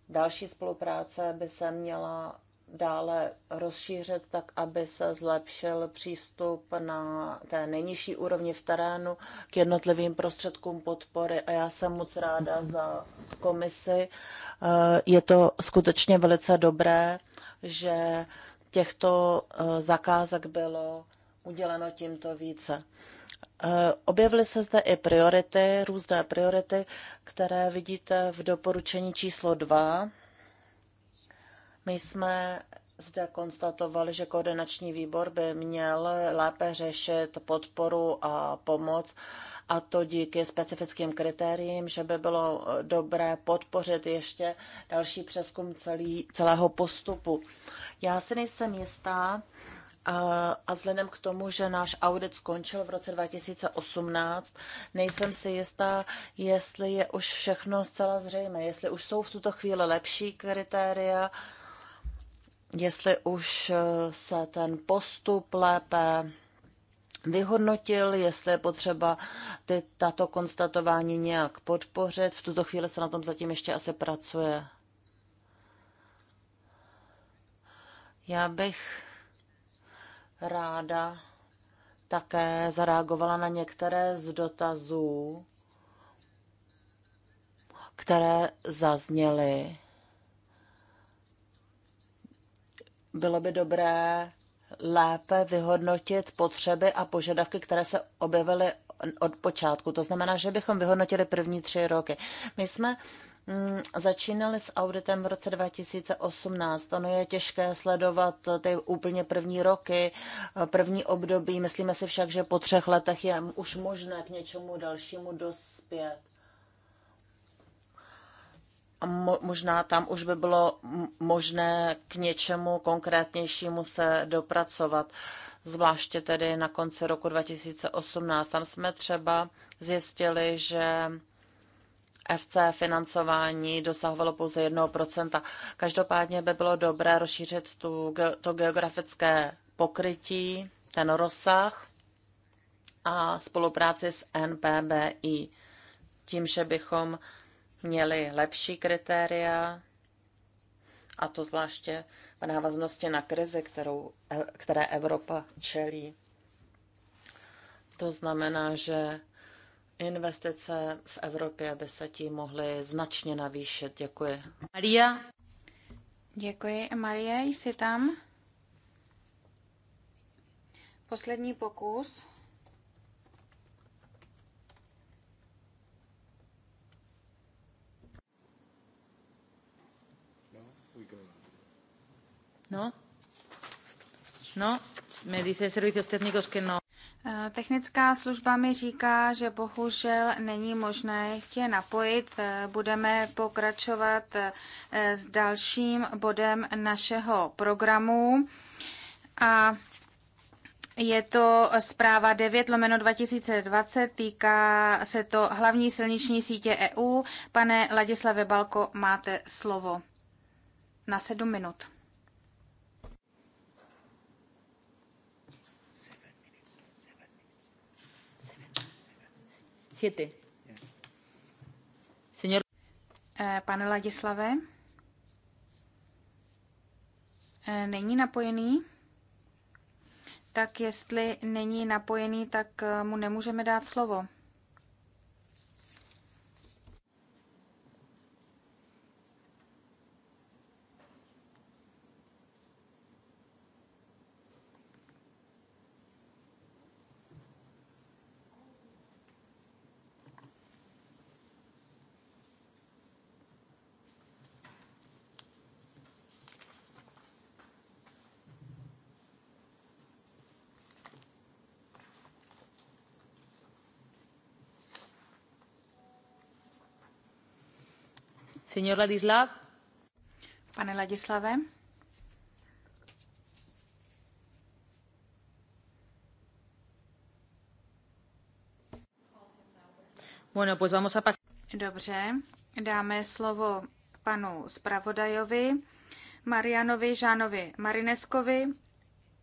další spolupráce by se měla dále rozšířit tak, aby se zlepšil přístup na té nejnižší úrovni v terénu k jednotlivým prostředkům podpory a já jsem moc ráda za komisi. Eh, je to skutečně velice dobré, že těchto eh, zakázek bylo uděleno tímto více. Eh, objevily se zde i priority, různé priority, které vidíte v doporučení číslo 2 my jsme zde konstatovali, že koordinační výbor by měl lépe řešit podporu a pomoc a to díky specifickým kritériím, že by bylo dobré podpořit ještě další přeskum celý, celého postupu. Já si nejsem jistá, a vzhledem k tomu, že náš audit skončil v roce 2018, nejsem si jistá, jestli je už všechno zcela zřejmé, jestli už jsou v tuto chvíli lepší kritéria, jestli už eh, se ten postup lépe vyhodnotil, jestli je potřeba ty, tato konstatování nějak podpořit. V tuto chvíli se na tom zatím ještě asi pracuje. Já bych ráda také zareagovala na některé z dotazů, které zazněly bylo by dobré lépe vyhodnotit potřeby a požadavky, které se objevily od počátku. To znamená, že bychom vyhodnotili první tři roky. My jsme mm, začínali s auditem v roce 2018. Ono je těžké sledovat ty úplně první roky, první období. Myslíme si však, že po třech letech je už možné k něčemu dalšímu dospět možná tam už by bylo možné k něčemu konkrétnějšímu se dopracovat, zvláště tedy na konci roku 2018. Tam jsme třeba zjistili, že FC financování dosahovalo pouze 1%. Každopádně by bylo dobré rozšířit tu, to geografické pokrytí, ten rozsah a spolupráci s NPBI tím, že bychom měli lepší kritéria, a to zvláště v návaznosti na krizi, kterou, e, které Evropa čelí. To znamená, že investice v Evropě by se tím mohly značně navýšit. Děkuji. Maria. Děkuji. Marie, jsi tam? Poslední pokus. No? No, me dice servicios técnicos que no. Eh, technická služba mi říká, že bohužel není možné tě napojit. Eh, budeme pokračovat eh, s dalším bodem našeho programu. A je to zpráva 9 lomeno 2020, týká se to hlavní silniční sítě EU. Pane Ladislave Balko, máte slovo na sedm minut. Siete. Señor. Eh, pane Ladislave, eh, není napojený, tak jestli není napojený, tak eh, mu nemůžeme dát slovo. Signor Ladislav? Pane Ladislave? Bueno, pues vamos a pas- Dobře, dáme slovo panu zpravodajovi, Marianovi Žánovi Marineskovi.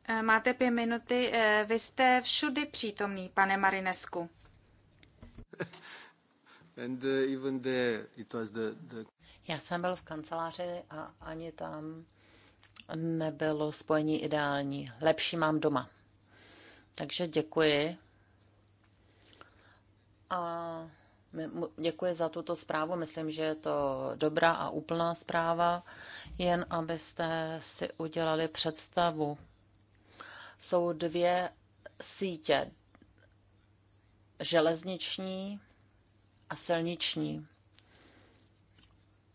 Eh, máte pět minuty, eh, vy jste všudy přítomný, pane Marinesku. [laughs] Uh, Já jsem byl v kanceláři a ani tam nebylo spojení ideální. Lepší mám doma. Takže děkuji. A děkuji za tuto zprávu. Myslím, že je to dobrá a úplná zpráva, jen abyste si udělali představu. Jsou dvě sítě. Železniční a silniční.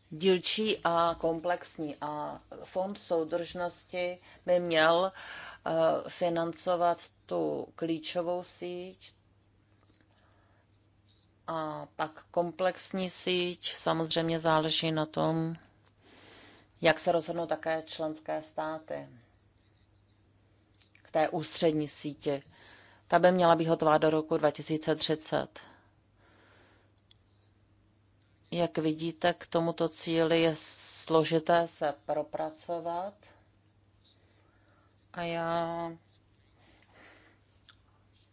Dílčí a komplexní. A fond soudržnosti by měl eh, financovat tu klíčovou síť a pak komplexní síť. Samozřejmě záleží na tom, jak se rozhodnou také členské státy k té ústřední síti. Ta by měla být hotová do roku 2030. Jak vidíte, k tomuto cíli je složité se propracovat. A já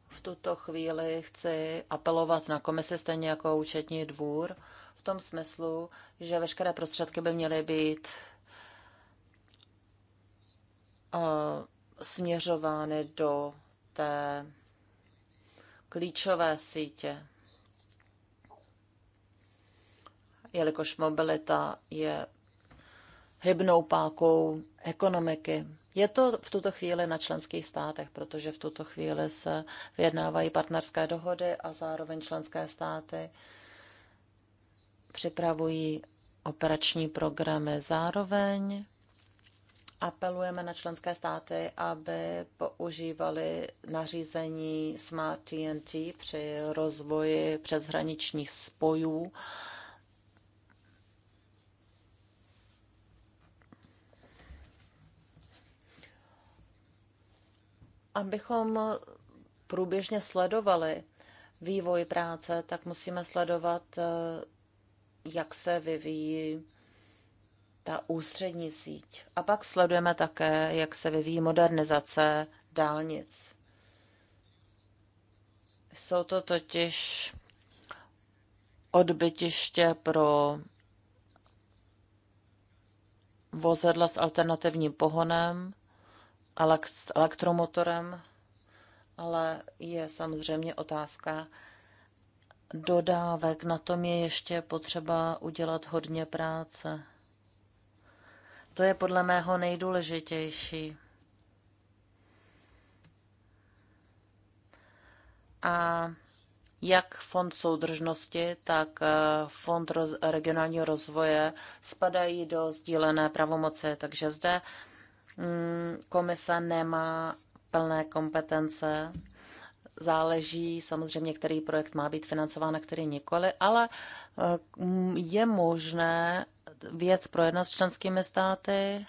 v tuto chvíli chci apelovat na komisi stejně jako účetní dvůr v tom smyslu, že veškeré prostředky by měly být eh, směřovány do té klíčové sítě jelikož mobilita je hybnou pákou ekonomiky. Je to v tuto chvíli na členských státech, protože v tuto chvíli se vyjednávají partnerské dohody a zároveň členské státy připravují operační programy. Zároveň apelujeme na členské státy, aby používali nařízení Smart TNT při rozvoji přeshraničních spojů abychom průběžně sledovali vývoj práce, tak musíme sledovat, eh, jak se vyvíjí ta ústřední síť. A pak sledujeme také, jak se vyvíjí modernizace dálnic. Jsou to totiž odbytiště pro vozidla s alternativním pohonem, s elektromotorem, ale je samozřejmě otázka dodávek. Na tom je ještě potřeba udělat hodně práce. To je podle mého nejdůležitější. A jak Fond soudržnosti, tak eh, Fond regionálního rozvoje spadají do sdílené pravomoci. Takže zde Hmm, komise nemá plné kompetence. Záleží samozřejmě, který projekt má být financován a který nikoli, ale eh, je možné věc projednat s členskými státy.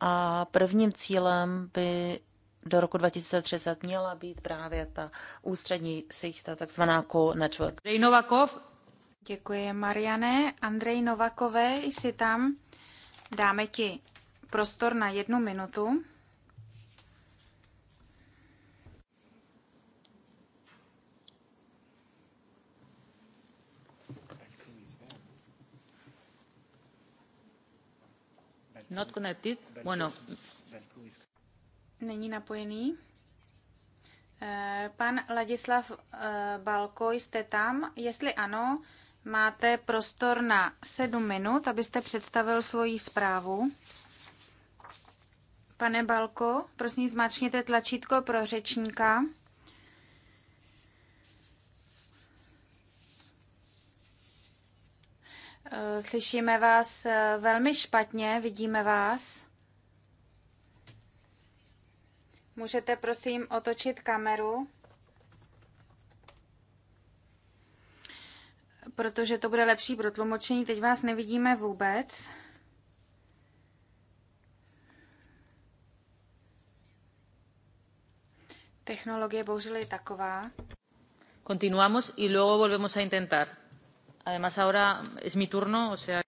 A prvním cílem by do roku 2030 měla být právě ta ústřední síť, ta takzvaná co-network. Děkuji, Mariane. Andrej Novakové, jsi tam? Dáme ti prostor na jednu minutu. Not connected. Bueno. Není napojený. Eh, pan Ladislav eh, Balko, jste tam? Jestli ano, Máte prostor na sedm minut, abyste představil svoji zprávu. Pane Balko, prosím zmačkněte tlačítko pro řečníka. Eh, slyšíme vás eh, velmi špatně, vidíme vás. Můžete prosím otočit kameru. protože to bude lepší pro tlumočení. Teď vás nevidíme vůbec. Technologie bohužel je taková. Continuamos y luego volvemos a intentar. Además ahora es mi turno, o sea...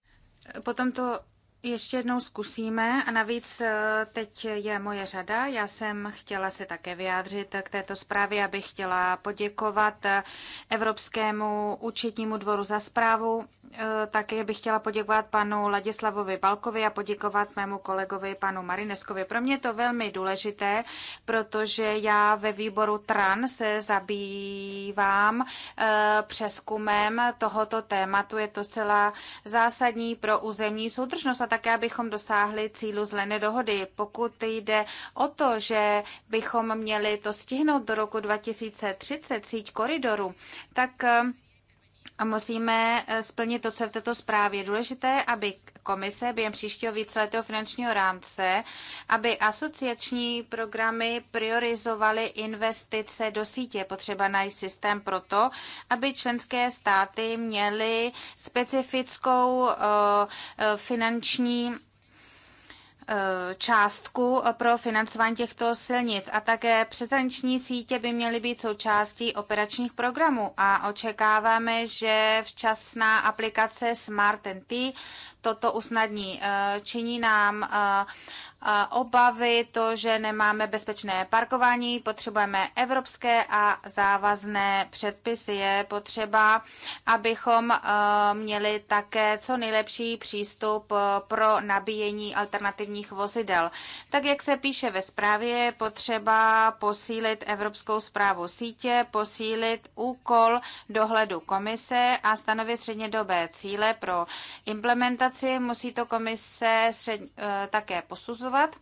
Potom to ještě jednou zkusíme a navíc eh, teď je moje řada. Já jsem chtěla se také vyjádřit k této zprávě, abych chtěla poděkovat eh, Evropskému účetnímu dvoru za zprávu. Eh, také bych chtěla poděkovat panu Ladislavovi Balkovi a poděkovat mému kolegovi panu Marineskovi. Pro mě je to velmi důležité, protože já ve výboru TRAN se zabývám přeskumem tohoto tématu. Je to zcela zásadní pro územní soudržnost a také, abychom dosáhli cílu zelené dohody. Pokud jde o to, že bychom měli to stihnout do roku 2030, síť koridoru. tak eh, a musíme eh, splnit to, co je v této zprávě. Je důležité, aby komise během příštího víceletého finančního rámce, aby asociační programy priorizovaly investice do sítě. Potřeba najít systém proto, aby členské státy měly specifickou eh, eh, finanční Eh, částku eh, pro financování těchto silnic a také přeshraniční sítě by měly být součástí operačních programů a očekáváme, že včasná aplikace Smart NT toto usnadní. Eh, činí nám obavy, to, že nemáme bezpečné parkování, potřebujeme evropské a závazné předpisy. Je potřeba, abychom eh, měli také co nejlepší přístup eh, pro nabíjení alternativních vozidel. Tak, jak se píše ve zprávě, je potřeba posílit evropskou zprávu sítě, posílit úkol dohledu komise a stanovit střednědobé cíle pro implementaci. Musí to komise střed, eh, také posuzovat hlasovat.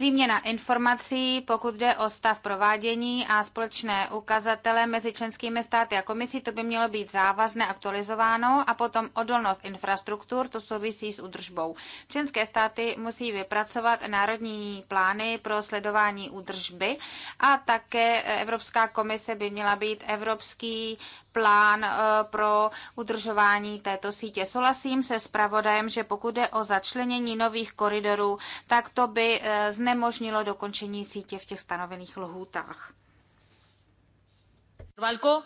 Výměna informací, pokud jde o stav provádění a společné ukazatele mezi členskými státy a komisí, to by mělo být závazné aktualizováno a potom odolnost infrastruktur, to souvisí s údržbou. Členské státy musí vypracovat národní plány pro sledování údržby a také Evropská komise by měla být evropský plán eh, pro udržování této sítě. Souhlasím se zpravodajem, že pokud jde o začlenění nových koridorů, tak to by eh, zne znemožnilo dokončení sítě v těch stanovených lhůtách. Balko?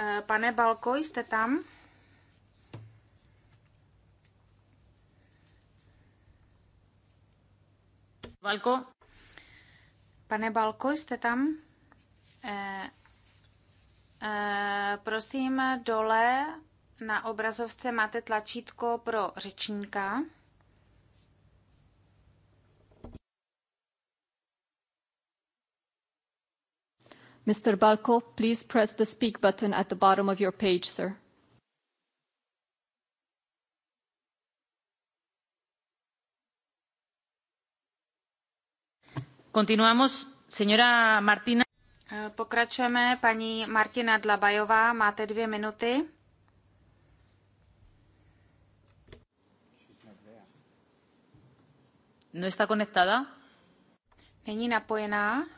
Eh, pane Balko, jste tam? Balko? Pane Balko, jste tam? Eh, eh, prosím, dole na obrazovce máte tlačítko pro řečníka. Mr. Balko, please press the speak button at the bottom of your page, sir. Continuamos, señora Martina. Eh, pokračujeme, paní Martina Dlabajová, máte dvě minuty. No está conectada? Není napojená.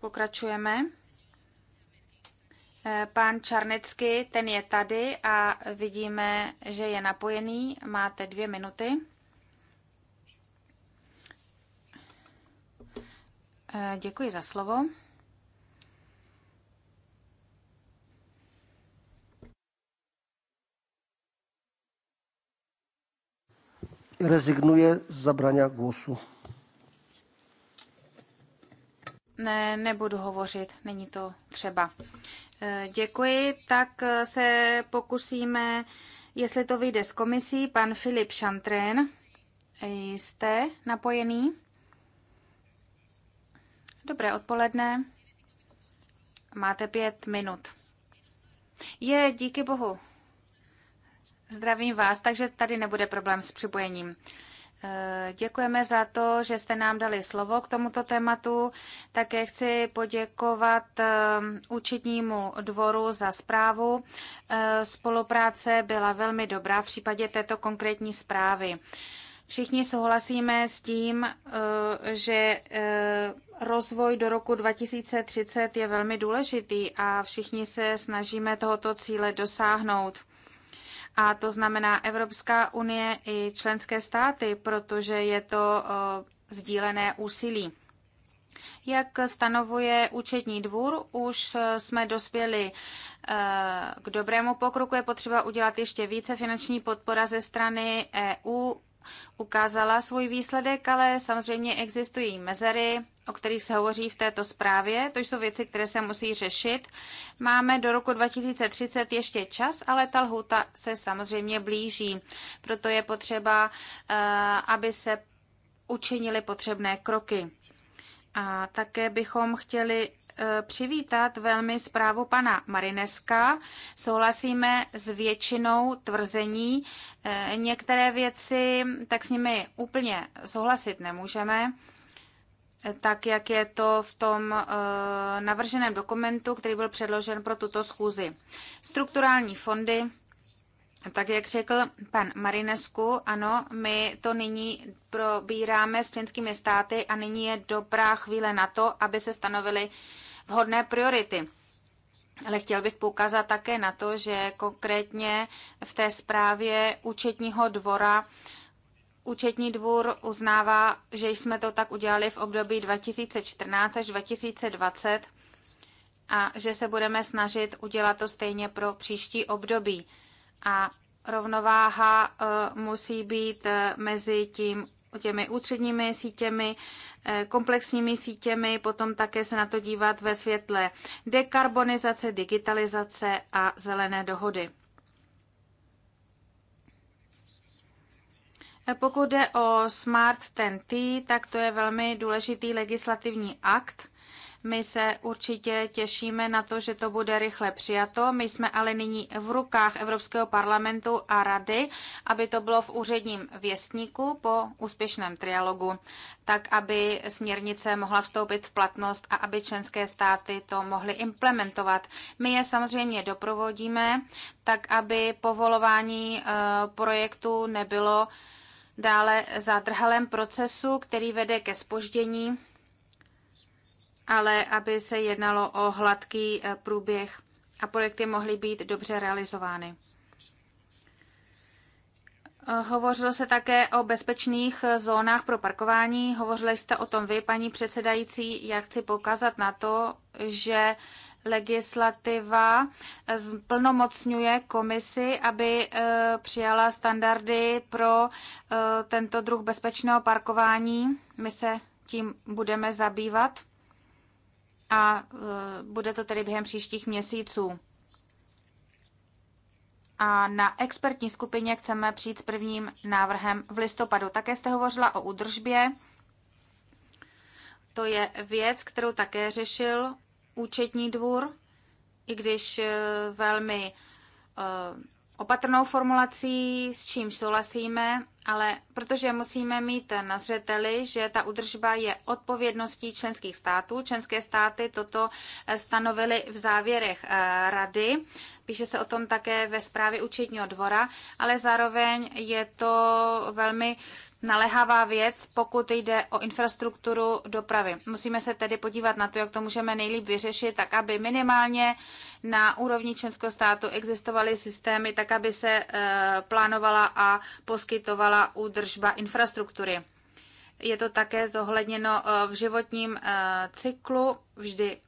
Pokračujeme. Eh, pán Čarnecky, ten je tady a vidíme, že je napojený. Máte dvě minuty. Eh, děkuji za slovo. Rezignuje z zabrania głosu. Ne, nebudu hovořit, není to třeba. Eh, děkuji, tak eh, se pokusíme, jestli to vyjde z komisí, pan Filip Šantren. Jste napojený? Dobré odpoledne. Máte pět minut. Je, díky bohu. Zdravím vás, takže tady nebude problém s připojením. Děkujeme za to, že jste nám dali slovo k tomuto tématu. Také chci poděkovat um, účetnímu dvoru za zprávu. Uh, spolupráce byla velmi dobrá v případě této konkrétní zprávy. Všichni souhlasíme s tím, uh, že uh, rozvoj do roku 2030 je velmi důležitý a všichni se snažíme tohoto cíle dosáhnout a to znamená Evropská unie i členské státy, protože je to sdílené úsilí. Jak stanovuje účetní dvůr, už jsme dospěli e, k dobrému pokroku. Je potřeba udělat ještě více finanční podpora ze strany EU ukázala svůj výsledek, ale samozřejmě existují mezery, o kterých se hovoří v této zprávě. To jsou věci, které se musí řešit. Máme do roku 2030 ještě čas, ale ta lhuta se samozřejmě blíží. Proto je potřeba, eh, aby se učinili potřebné kroky. A také bychom chtěli e, přivítat velmi zprávu pana Marineska. Souhlasíme s většinou tvrzení. E, některé věci, tak s nimi úplně souhlasit nemůžeme, tak jak je to v tom e, navrženém dokumentu, který byl předložen pro tuto schůzi. Strukturální fondy tak jak řekl pan Marinesku, ano, my to nyní probíráme s členskými státy a nyní je dobrá chvíle na to, aby se stanovily vhodné priority. Ale chtěl bych poukázat také na to, že konkrétně v té zprávě účetního dvora Účetní dvůr uznává, že jsme to tak udělali v období 2014 až 2020 a že se budeme snažit udělat to stejně pro příští období. A rovnováha eh, musí být eh, mezi tím těmi ústředními sítěmi, eh, komplexními sítěmi, potom také se na to dívat ve světle dekarbonizace, digitalizace a zelené dohody. Pokud jde o Smart TNT, tak to je velmi důležitý legislativní akt, my se určitě těšíme na to, že to bude rychle přijato. My jsme ale nyní v rukách Evropského parlamentu a rady, aby to bylo v úředním věstníku po úspěšném trialogu, tak aby směrnice mohla vstoupit v platnost a aby členské státy to mohly implementovat. My je samozřejmě doprovodíme, tak aby povolování eh, projektu nebylo dále zadrhelém procesu, který vede ke spoždění ale aby se jednalo o hladký eh, průběh a projekty mohly být dobře realizovány. Eh, hovořilo se také o bezpečných eh, zónách pro parkování. Hovořili jste o tom vy, paní předsedající. Já chci poukázat na to, že legislativa plnomocňuje komisi, aby přijala standardy pro tento druh bezpečného parkování. My se tím budeme zabývat a eh, bude to tedy během příštích měsíců. A na expertní skupině chceme přijít s prvním návrhem v listopadu. Také jste hovořila o údržbě. To je věc, kterou také řešil účetní dvůr, i když eh, velmi eh, opatrnou formulací, s čím souhlasíme, ale protože musíme mít na zřeteli, že ta udržba je odpovědností členských států. Členské státy toto eh, stanovily v závěrech eh, rady. Píše se o tom také ve zprávě účetního dvora, ale zároveň je to velmi naléhavá věc, pokud jde o infrastrukturu dopravy. Musíme se tedy podívat na to, jak to můžeme nejlíp vyřešit, tak aby minimálně na úrovni členského státu existovaly systémy, tak aby se eh, plánovala a poskytovala údržba infrastruktury. Je to také zohledněno eh, v životním eh, cyklu vždy,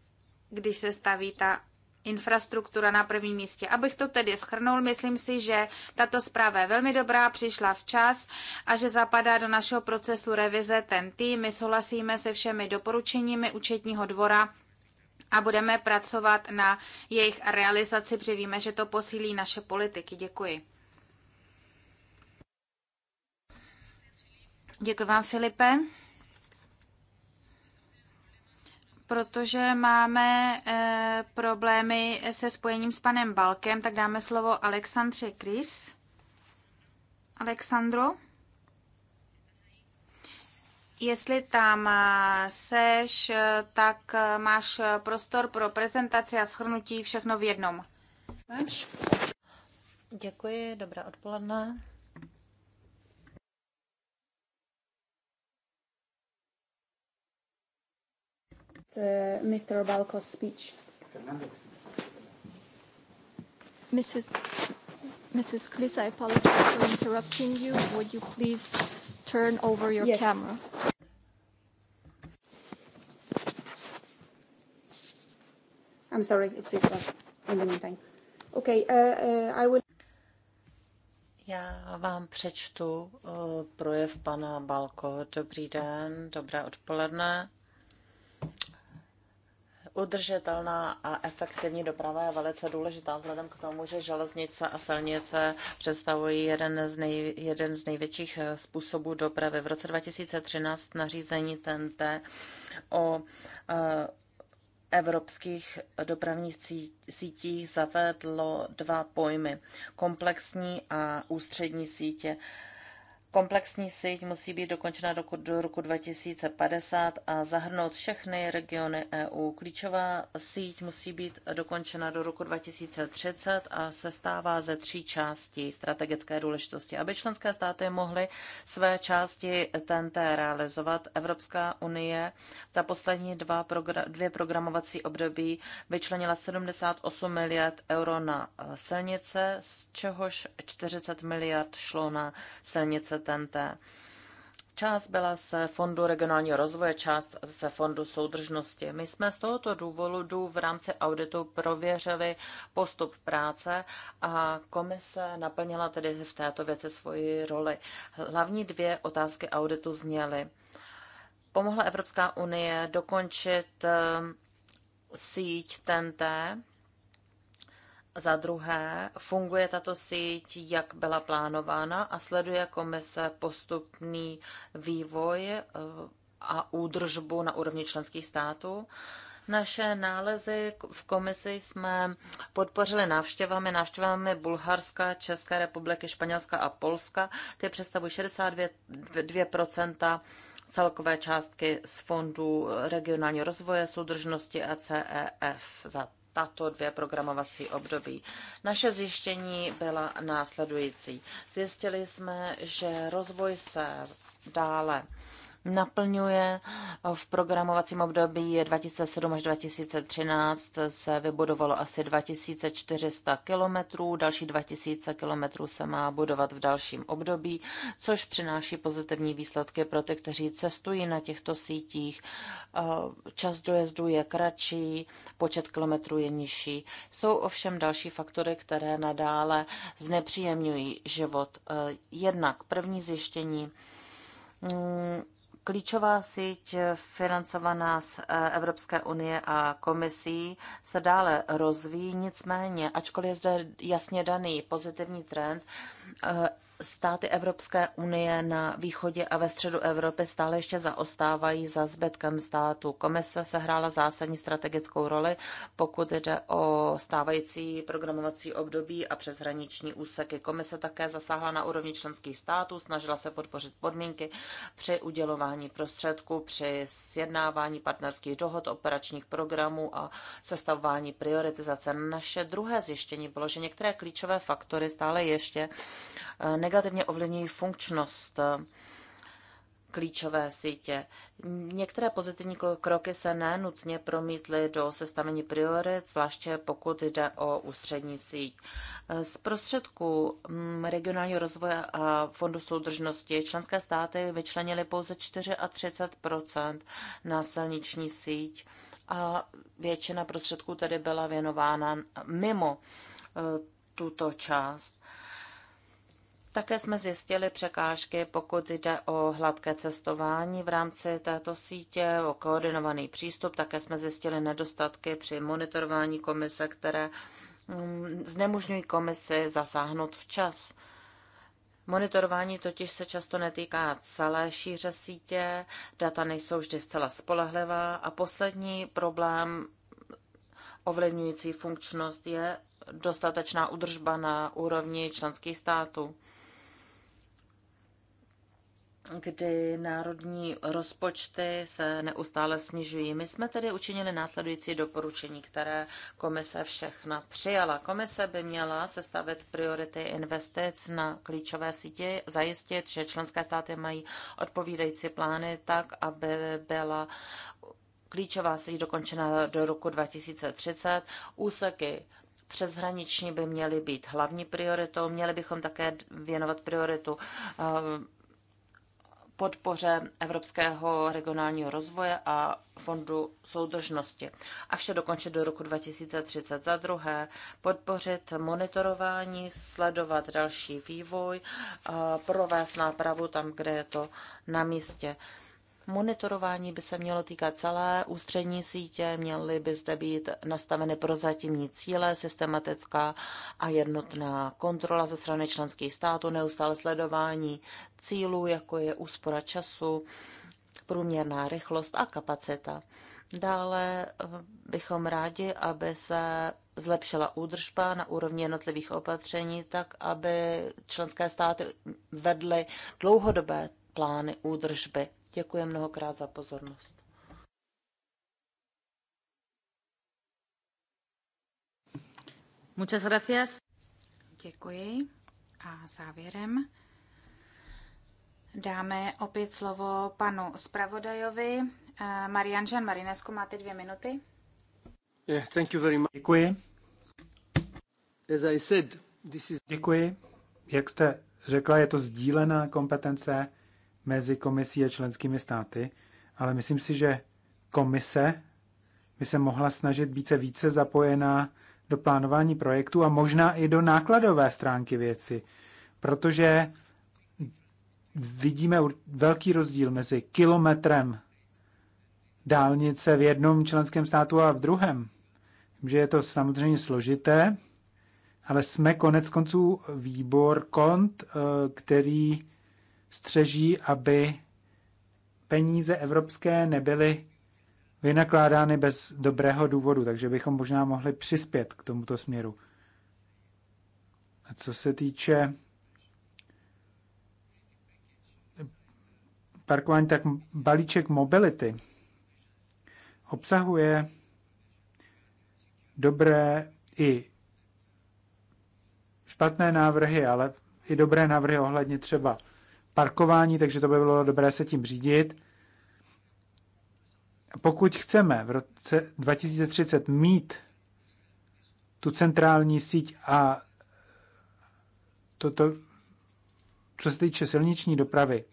když se staví ta infrastruktura na prvním místě. Abych to tedy schrnul, myslím si, že tato zpráva je velmi dobrá, přišla včas a že zapadá do našeho procesu revize ten tým. My souhlasíme se všemi doporučeními účetního dvora a budeme pracovat na jejich realizaci, protože víme, že to posílí naše politiky. Děkuji. Děkuji vám, Filipe protože máme e, problémy se spojením s panem Balkem, tak dáme slovo Alexandře Kris. Alexandro? Jestli tam eh, seš, eh, tak máš prostor pro prezentaci a shrnutí všechno v jednom. Děkuji, dobré odpoledne. Uh, Mr. Balco's speech. Mrs. Mrs. I apologize for interrupting you. Would you please turn over your yes. camera? I'm sorry, it's it in the meantime. Okay, uh, uh, I will... Já vám přečtu uh, projev pana Balko. Dobrý den, dobré odpoledne. Udržitelná a efektivní doprava je velice důležitá vzhledem k tomu, že železnice a silnice představují jeden z, nej, jeden z největších eh, způsobů dopravy. V roce 2013 nařízení TNT o eh, evropských dopravních sítích zavedlo dva pojmy. Komplexní a ústřední sítě. Komplexní síť musí být dokončena do roku 2050 a zahrnout všechny regiony EU. Klíčová síť musí být dokončena do roku 2030 a se stává ze tří částí strategické důležitosti. Aby členské státy mohly své části TNT realizovat, Evropská unie za poslední dva progra- dvě programovací období vyčlenila 78 miliard euro na eh, silnice, z čehož 40 miliard šlo na silnice TNT. Část byla z Fondu regionálního rozvoje, část z Fondu soudržnosti. My jsme z tohoto důvodu v rámci auditu prověřili postup práce a komise naplnila tedy v této věci svoji roli. Hlavní dvě otázky auditu zněly. Pomohla Evropská unie dokončit eh, síť TNT za druhé, funguje tato síť, jak byla plánována a sleduje komise postupný vývoj eh, a údržbu na úrovni členských států. Naše nálezy v komisi jsme podpořili návštěvami, návštěvami Bulharska, České republiky, Španělska a Polska. Ty představují 62 celkové částky z fondů regionálního rozvoje, soudržnosti a CEF. Za tato dvě programovací období. Naše zjištění byla následující. Zjistili jsme, že rozvoj se dále naplňuje. V programovacím období 2007 až 2013 se vybudovalo asi 2400 kilometrů, další 2000 kilometrů se má budovat v dalším období, což přináší pozitivní výsledky pro ty, kteří cestují na těchto sítích. Eh, čas dojezdu je kratší, počet kilometrů je nižší. Jsou ovšem další faktory, které nadále znepříjemňují život. Eh, jednak první zjištění, hmm, Klíčová síť eh, financovaná z eh, Evropské unie a komisí se dále rozvíjí, nicméně, ačkoliv je zde jasně daný pozitivní trend, eh, státy Evropské unie na východě a ve středu Evropy stále ještě zaostávají za zbytkem států. Komise sehrála zásadní strategickou roli, pokud jde o stávající programovací období a přeshraniční úseky. Komise také zasáhla na úrovni členských států, snažila se podpořit podmínky při udělování prostředků, při sjednávání partnerských dohod, operačních programů a sestavování prioritizace. Naše druhé zjištění bylo, že některé klíčové faktory stále ještě ne eh, negativně ovlivňují funkčnost eh, klíčové sítě. Některé pozitivní kroky se nenutně promítly do sestavení priorit, zvláště pokud jde o ústřední síť. Eh, z prostředků mm, regionálního rozvoje a fondu soudržnosti členské státy vyčlenily pouze 34 na silniční síť a většina prostředků tedy byla věnována mimo eh, tuto část. Také jsme zjistili překážky, pokud jde o hladké cestování v rámci této sítě, o koordinovaný přístup. Také jsme zjistili nedostatky při monitorování komise, které mm, znemožňují komisi zasáhnout včas. Monitorování totiž se často netýká celé šíře sítě, data nejsou vždy zcela spolehlivá a poslední problém ovlivňující funkčnost je dostatečná udržba na úrovni členských států kdy národní rozpočty se neustále snižují. My jsme tedy učinili následující doporučení, které komise všechna přijala. Komise by měla sestavit priority investic na klíčové síti, zajistit, že členské státy mají odpovídající plány tak, aby byla klíčová síť dokončena do roku 2030, úseky přeshraniční by měly být hlavní prioritou. Měli bychom také věnovat prioritu eh, podpoře Evropského regionálního rozvoje a fondu soudržnosti. A vše dokončit do roku 2030. Za druhé, podpořit monitorování, sledovat další vývoj, provést nápravu tam, kde je to na místě. Monitorování by se mělo týkat celé ústřední sítě, měly by zde být nastaveny prozatímní cíle, systematická a jednotná kontrola ze strany členských států, neustále sledování cílů, jako je úspora času, průměrná rychlost a kapacita. Dále eh, bychom rádi, aby se zlepšila údržba na úrovni jednotlivých opatření, tak aby členské státy vedly dlouhodobé plány údržby Děkuji mnohokrát za pozornost. Muchas gracias. Děkuji. A závěrem dáme opět slovo panu zpravodajovi. Eh, Marian Jean Marinescu, máte dvě minuty. Yeah, thank you very much. Děkuji. As I said, this is... Děkuji. Jak jste řekla, je to sdílená kompetence mezi komisí a členskými státy, ale myslím si, že komise by se mohla snažit být se více zapojená do plánování projektu a možná i do nákladové stránky věci, protože vidíme velký rozdíl mezi kilometrem dálnice v jednom členském státu a v druhém. Že je to samozřejmě složité, ale jsme konec konců výbor kont, eh, který střeží, aby peníze evropské nebyly vynakládány bez dobrého důvodu, takže bychom možná mohli přispět k tomuto směru. A co se týče parkování, tak balíček mobility obsahuje dobré i špatné návrhy, ale i dobré návrhy ohledně třeba parkování, takže to by bylo dobré se tím řídit. Pokud chceme v roce 2030 mít tu centrální síť a toto, co se týče silniční dopravy,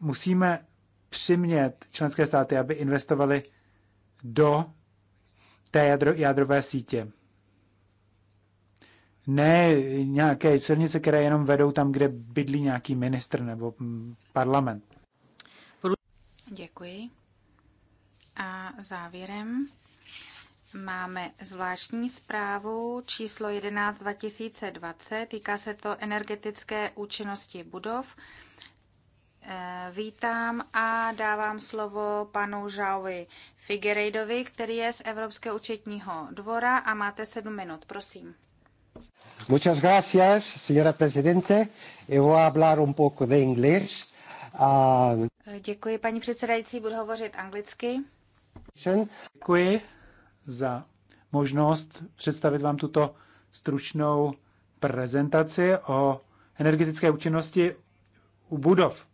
musíme přimět členské státy, aby investovali do té jadro, jádrové sítě ne nějaké silnice, které jenom vedou tam, kde bydlí nějaký ministr nebo parlament. Děkuji. A závěrem máme zvláštní zprávu číslo 11 2020. Týká se to energetické účinnosti budov. Eh, vítám a dávám slovo panu Žaovi Figerejdovi, který je z Evropského účetního dvora a máte sedm minut, prosím. Muchas gracias, señora presidente. Eu voy a hablar un poco de inglés. Ah, Děkuji, paní předsedající, budu hovořit anglicky. Děkuji za možnost představit vám tuto stručnou prezentaci o energetické účinnosti u budov.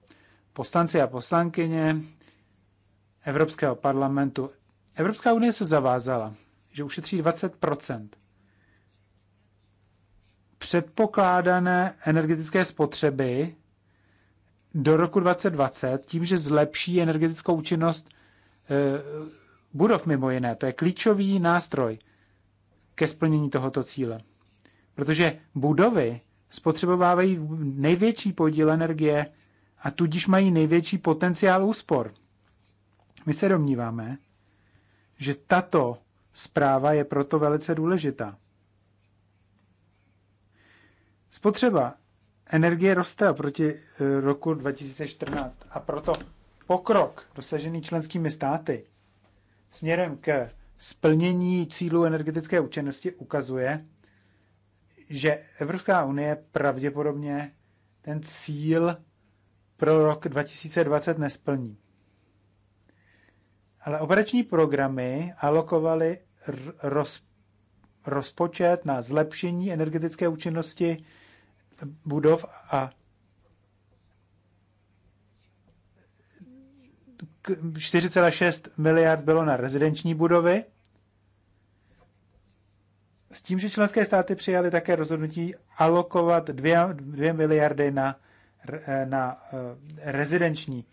Poslanci a poslankyně Evropského parlamentu. Evropská unie se zavázala, že ušetří 20 předpokládané energetické spotřeby do roku 2020 tím, že zlepší energetickou účinnost eh, budov mimo jiné. To je klíčový nástroj ke splnění tohoto cíle. Protože budovy spotřebovávají největší podíl energie a tudíž mají největší potenciál úspor. My se domníváme, že tato zpráva je proto velice důležitá. Spotřeba energie roste oproti eh, roku 2014 a proto pokrok dosažený členskými státy směrem k splnění cílů energetické účinnosti ukazuje, že Evropská unie pravděpodobně ten cíl pro rok 2020 nesplní. Ale operační programy alokovaly roz, rozpočet na zlepšení energetické účinnosti budov a 4,6 miliard bylo na rezidenční budovy. S tím, že členské státy přijaly také rozhodnutí alokovat 2, 2 miliardy na, na eh, rezidenční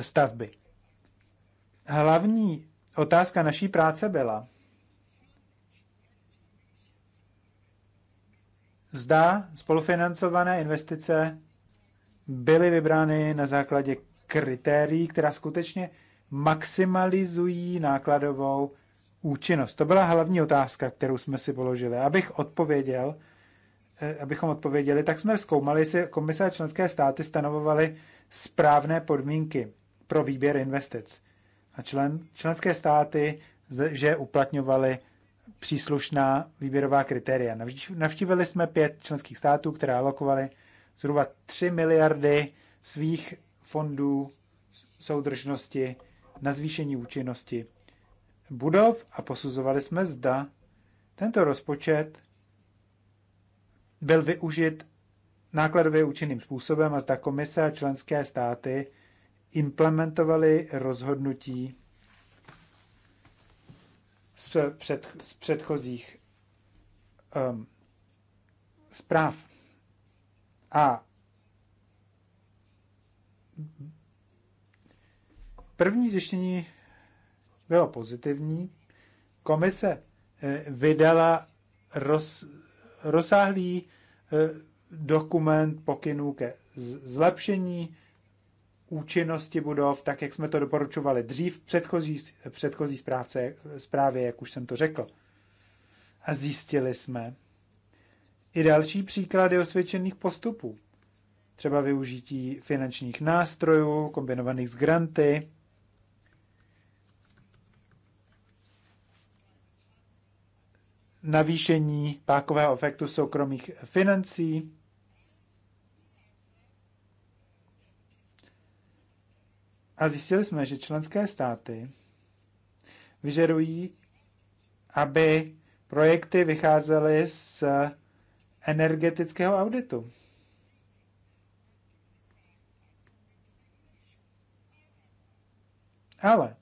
stavby. Hlavní otázka naší práce byla, Zda spolufinancované investice byly vybrány na základě kritérií, která skutečně maximalizují nákladovou účinnost. To byla hlavní otázka, kterou jsme si položili. Abych odpověděl, eh, abychom odpověděli, tak jsme zkoumali, jestli komise a členské státy stanovovaly správné podmínky pro výběr investic. A člen, členské státy, že uplatňovaly příslušná výběrová kritéria. Navštívili jsme pět členských států, které alokovaly zhruba 3 miliardy svých fondů soudržnosti na zvýšení účinnosti budov a posuzovali jsme, zda tento rozpočet byl využit nákladově účinným způsobem a zda komise a členské státy implementovaly rozhodnutí z, před, z předchozích um, zpráv. A první zjištění bylo pozitivní. Komise eh, vydala roz, rozsáhlý eh, dokument pokynů ke zlepšení účinnosti budov, tak jak jsme to doporučovali dřív v předchozí, předchozí zprávce, zprávě, jak už jsem to řekl. A zjistili jsme i další příklady osvědčených postupů. Třeba využití finančních nástrojů kombinovaných s granty, navýšení pákového efektu soukromých financí, A zjistili jsme, že členské státy vyžadují, aby projekty vycházely z energetického auditu. Ale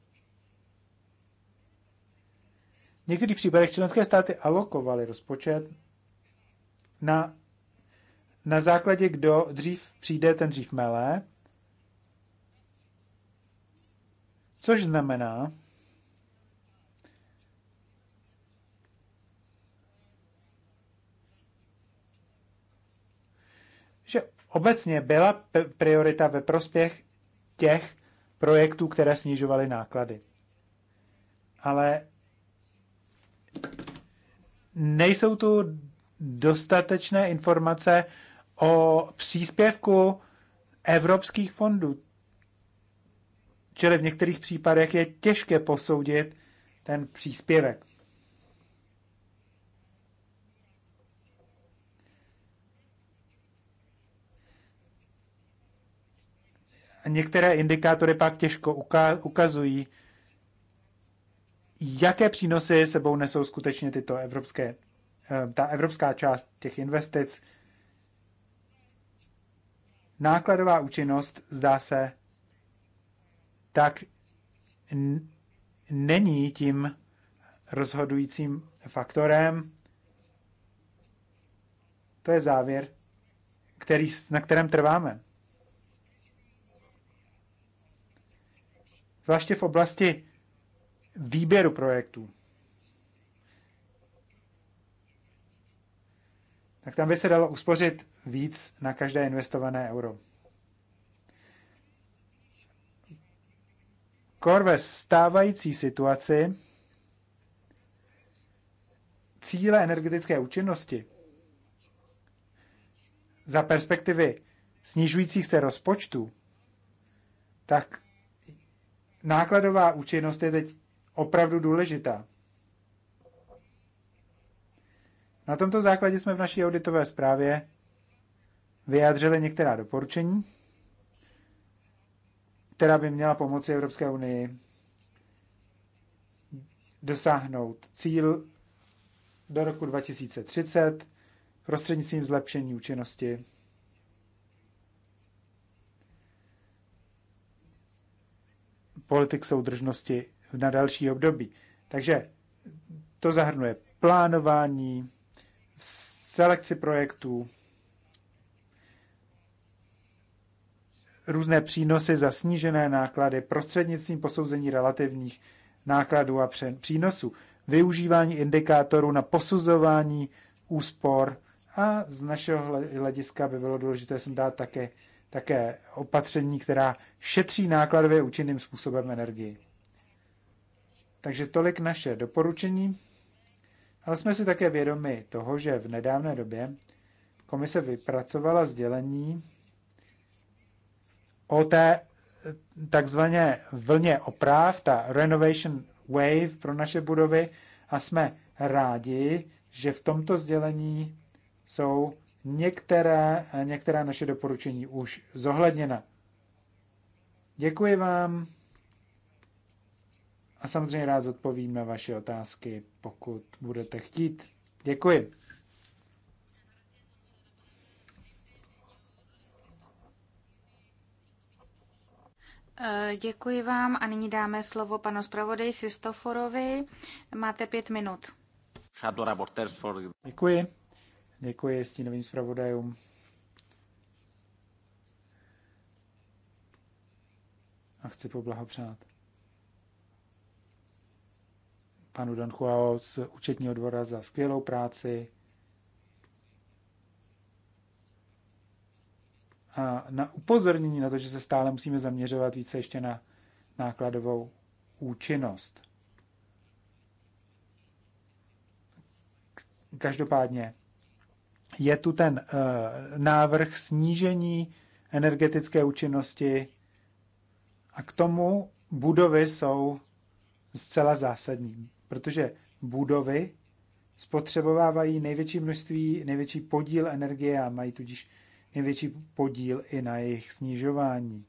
v některých případech členské státy alokovaly rozpočet na, na základě, kdo dřív přijde, ten dřív melé. Což znamená, že obecně byla priorita ve prospěch těch projektů, které snižovaly náklady. Ale nejsou tu dostatečné informace o příspěvku evropských fondů. Čili v některých případech je těžké posoudit ten příspěvek. A některé indikátory pak těžko ukazují, jaké přínosy sebou nesou skutečně tyto evropské, eh, ta evropská část těch investic. Nákladová účinnost zdá se tak není tím rozhodujícím faktorem. To je závěr, který, na kterém trváme. Zvláště v oblasti výběru projektů. Tak tam by se dalo uspořit víc na každé investované euro. Kor ve stávající situaci cíle energetické účinnosti za perspektivy snižujících se rozpočtů, tak nákladová účinnost je teď opravdu důležitá. Na tomto základě jsme v naší auditové zprávě vyjádřili některá doporučení která by měla pomoci Evropské unii dosáhnout cíl do roku 2030 prostřednictvím zlepšení účinnosti. politik soudržnosti na další období. Takže to zahrnuje plánování, selekci projektů, různé přínosy za snížené náklady prostřednictvím posouzení relativních nákladů a přínosů, využívání indikátorů na posuzování úspor a z našeho hlediska by bylo důležité sem dát také, také opatření, která šetří nákladově účinným způsobem energii. Takže tolik naše doporučení. Ale jsme si také vědomi toho, že v nedávné době komise vypracovala sdělení o té eh, takzvané vlně oprav, ta renovation wave pro naše budovy a jsme rádi, že v tomto sdělení jsou některé, eh, některé naše doporučení už zohledněna. Děkuji vám a samozřejmě rád zodpovím na vaše otázky, pokud budete chtít. Děkuji. Eh, děkuji vám a nyní dáme slovo panu zpravodaji Christoforovi. Máte pět minut. Děkuji. Děkuji stínovým zpravodajům. A chci poblahopřát panu Danchuao z účetního dvora za skvělou práci a na upozornění na to, že se stále musíme zaměřovat více ještě na nákladovou účinnost. Každopádně je tu ten uh, návrh snížení energetické účinnosti a k tomu budovy jsou zcela zásadní, protože budovy spotřebovávají největší množství, největší podíl energie a mají tudíž největší podíl i na jejich snižování.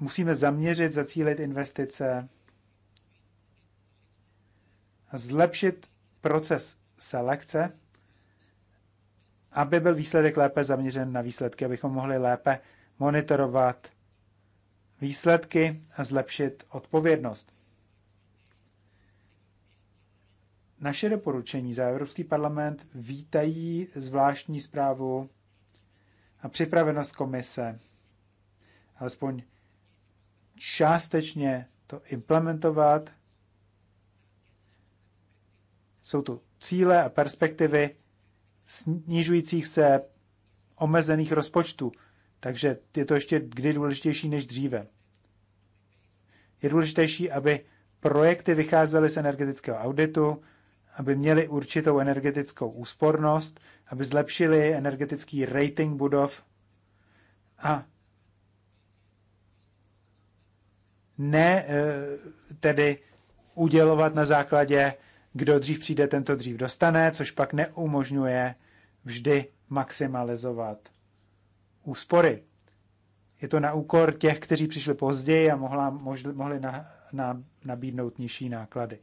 Musíme zaměřit, zacílit investice zlepšit proces selekce, aby byl výsledek lépe zaměřen na výsledky, abychom mohli lépe monitorovat výsledky a zlepšit odpovědnost. Naše doporučení za Evropský parlament vítají zvláštní zprávu a připravenost komise, alespoň částečně to implementovat. Jsou tu cíle a perspektivy snižujících se omezených rozpočtů, takže je to ještě kdy důležitější než dříve. Je důležitější, aby projekty vycházely z energetického auditu, aby měli určitou energetickou úspornost, aby zlepšili energetický rating budov a ne e, tedy udělovat na základě, kdo dřív přijde, tento dřív dostane, což pak neumožňuje vždy maximalizovat úspory. Je to na úkor těch, kteří přišli později a mohla, mohli na, na, nabídnout nižší náklady.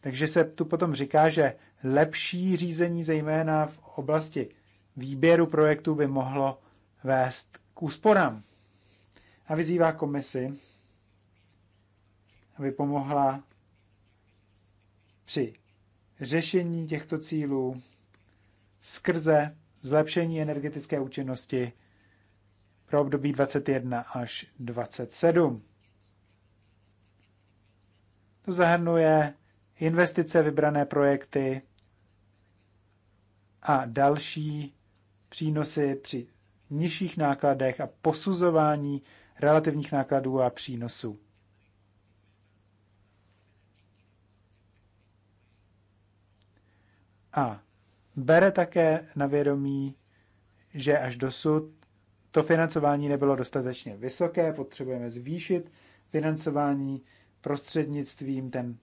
Takže se tu potom říká, že lepší řízení, zejména v oblasti výběru projektu by mohlo vést k úsporám. A vyzývá komisi, aby pomohla při řešení těchto cílů skrze zlepšení energetické účinnosti pro období 21 až 27. To zahrnuje investice, vybrané projekty a další přínosy při nižších nákladech a posuzování relativních nákladů a přínosů. A bere také na vědomí, že až dosud to financování nebylo dostatečně vysoké, potřebujeme zvýšit financování prostřednictvím ten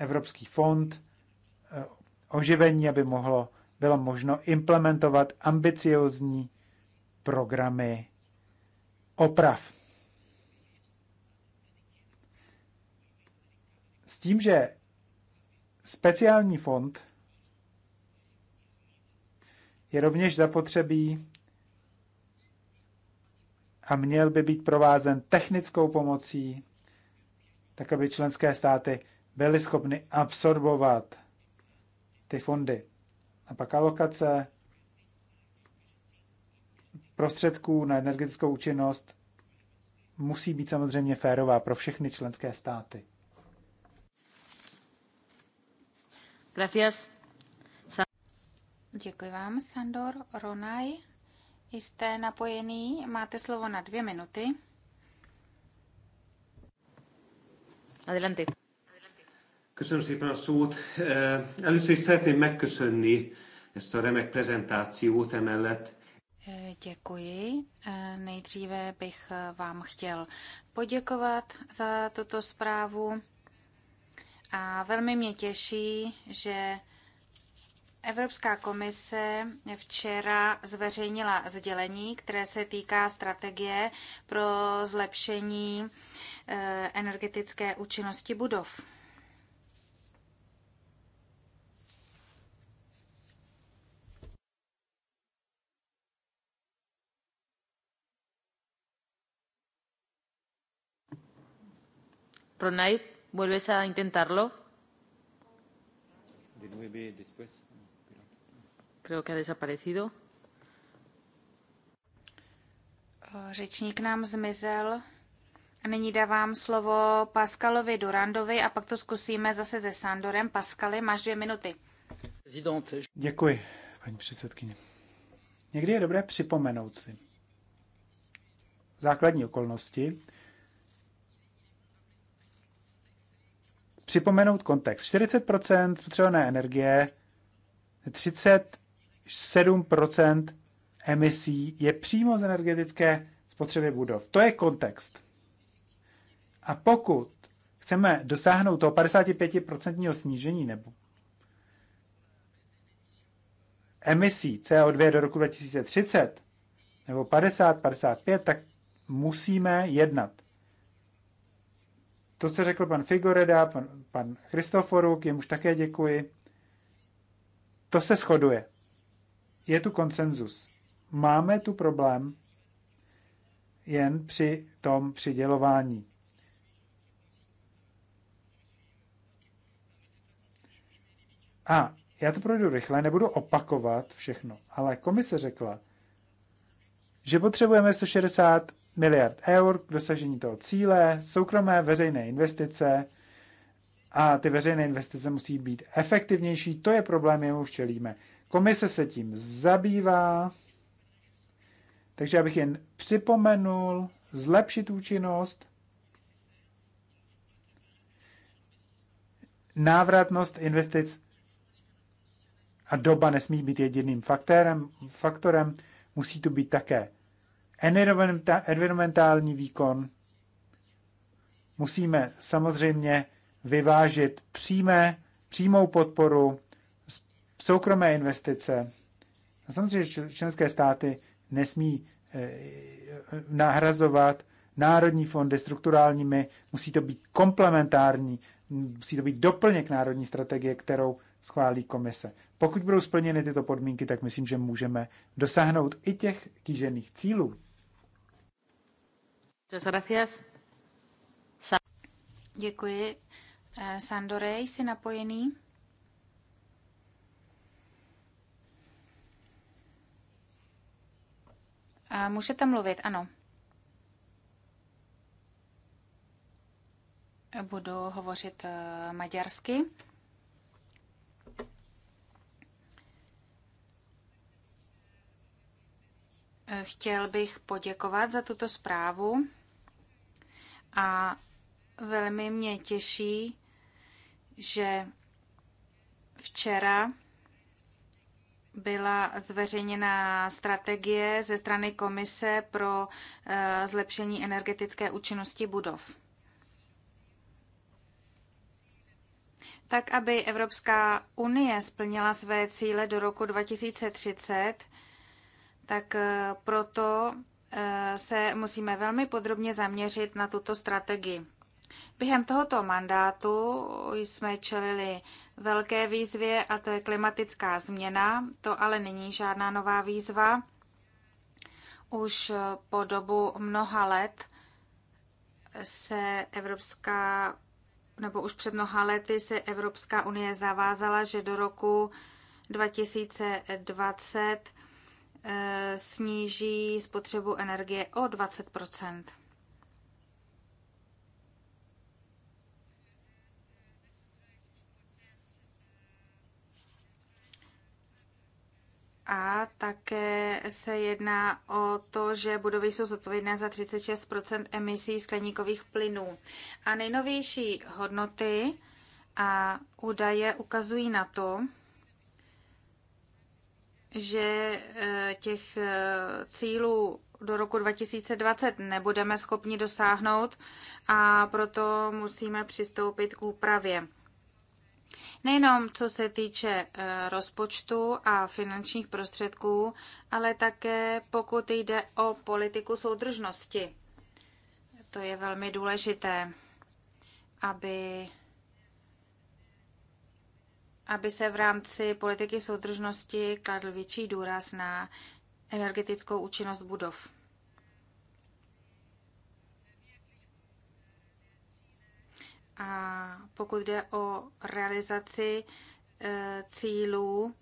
Evropský fond eh, oživení, aby mohlo, bylo možno implementovat ambiciozní programy oprav. S tím, že speciální fond je rovněž zapotřebí a měl by být provázen technickou pomocí, tak aby členské státy byli schopni absorbovat ty fondy. A pak alokace prostředků na energetickou účinnost musí být samozřejmě férová pro všechny členské státy. Děkuji vám, Sandor Ronaj. Jste napojený, máte slovo na dvě minuty. Adelante. Köszönöm szépen a szót. Először is szeretném megköszönni ezt a remek prezentációt emellett. Eh, děkuji. Eh, nejdříve bych eh, vám chtěl poděkovat za tuto zprávu a velmi mě těší, že Evropská komise včera zveřejnila sdělení, které se týká strategie pro zlepšení energetické účinnosti budov. Pronay, ¿vuelves a intentarlo? De nueve después. Creo que ha desaparecido. Eh, řečník nám zmizel. A nyní dávám slovo Pascalovi Durandovi a pak to zkusíme zase se Sandorem. Paskali, máš dvě minuty. Děkuji, paní předsedkyně. Někdy je dobré připomenout si základní okolnosti, připomenout kontext. 40 spotřebované energie, 37 emisí je přímo z energetické spotřeby budov. To je kontext. A pokud chceme dosáhnout toho 55% snížení nebo emisí CO2 do roku 2030 nebo 50, 55, tak musíme jednat. To, co řekl pan Figoreda, pan, pan Christoforu, k jemuž také děkuji, to se shoduje. Je tu konsenzus. Máme tu problém jen při tom přidělování. A já to projdu rychle, nebudu opakovat všechno, ale komise řekla, že potřebujeme 160 miliard eur k dosažení toho cíle, soukromé veřejné investice a ty veřejné investice musí být efektivnější. To je problém, jemu včelíme. Komise se tím zabývá, takže abych jen připomenul, zlepšit účinnost, návratnost investic a doba nesmí být jediným faktorem, faktorem musí tu být také environmentální výkon musíme samozřejmě vyvážit přímé, přímou podporu, soukromé investice. A samozřejmě členské státy nesmí eh, nahrazovat národní fondy strukturálními, musí to být komplementární, musí to být doplněk národní strategie, kterou schválí komise. Pokud budou splněny tyto podmínky, tak myslím, že můžeme dosáhnout i těch kýžených cílů. Děkuji. Eh, Sandore, jsi napojený? A eh, můžete mluvit, ano. Budu hovořit eh, maďarsky. Chtěl bych poděkovat za tuto zprávu a velmi mě těší, že včera byla zveřejněna strategie ze strany Komise pro eh, zlepšení energetické účinnosti budov. Tak, aby Evropská unie splnila své cíle do roku 2030, tak eh, proto se musíme velmi podrobně zaměřit na tuto strategii. Během tohoto mandátu jsme čelili velké výzvě a to je klimatická změna. To ale není žádná nová výzva. Už po dobu mnoha let se Evropská, nebo už před mnoha lety se Evropská unie zavázala, že do roku 2020 Eh, sníží spotřebu energie o 20 A také se jedná o to, že budovy jsou zodpovědné za 36 emisí skleníkových plynů. A nejnovější hodnoty a údaje ukazují na to, že eh, těch eh, cílů do roku 2020 nebudeme schopni dosáhnout a proto musíme přistoupit k úpravě. Nejenom co se týče eh, rozpočtu a finančních prostředků, ale také pokud jde o politiku soudržnosti. To je velmi důležité, aby aby se v rámci politiky soudržnosti kladl větší důraz na energetickou účinnost budov. A pokud jde o realizaci e, cílů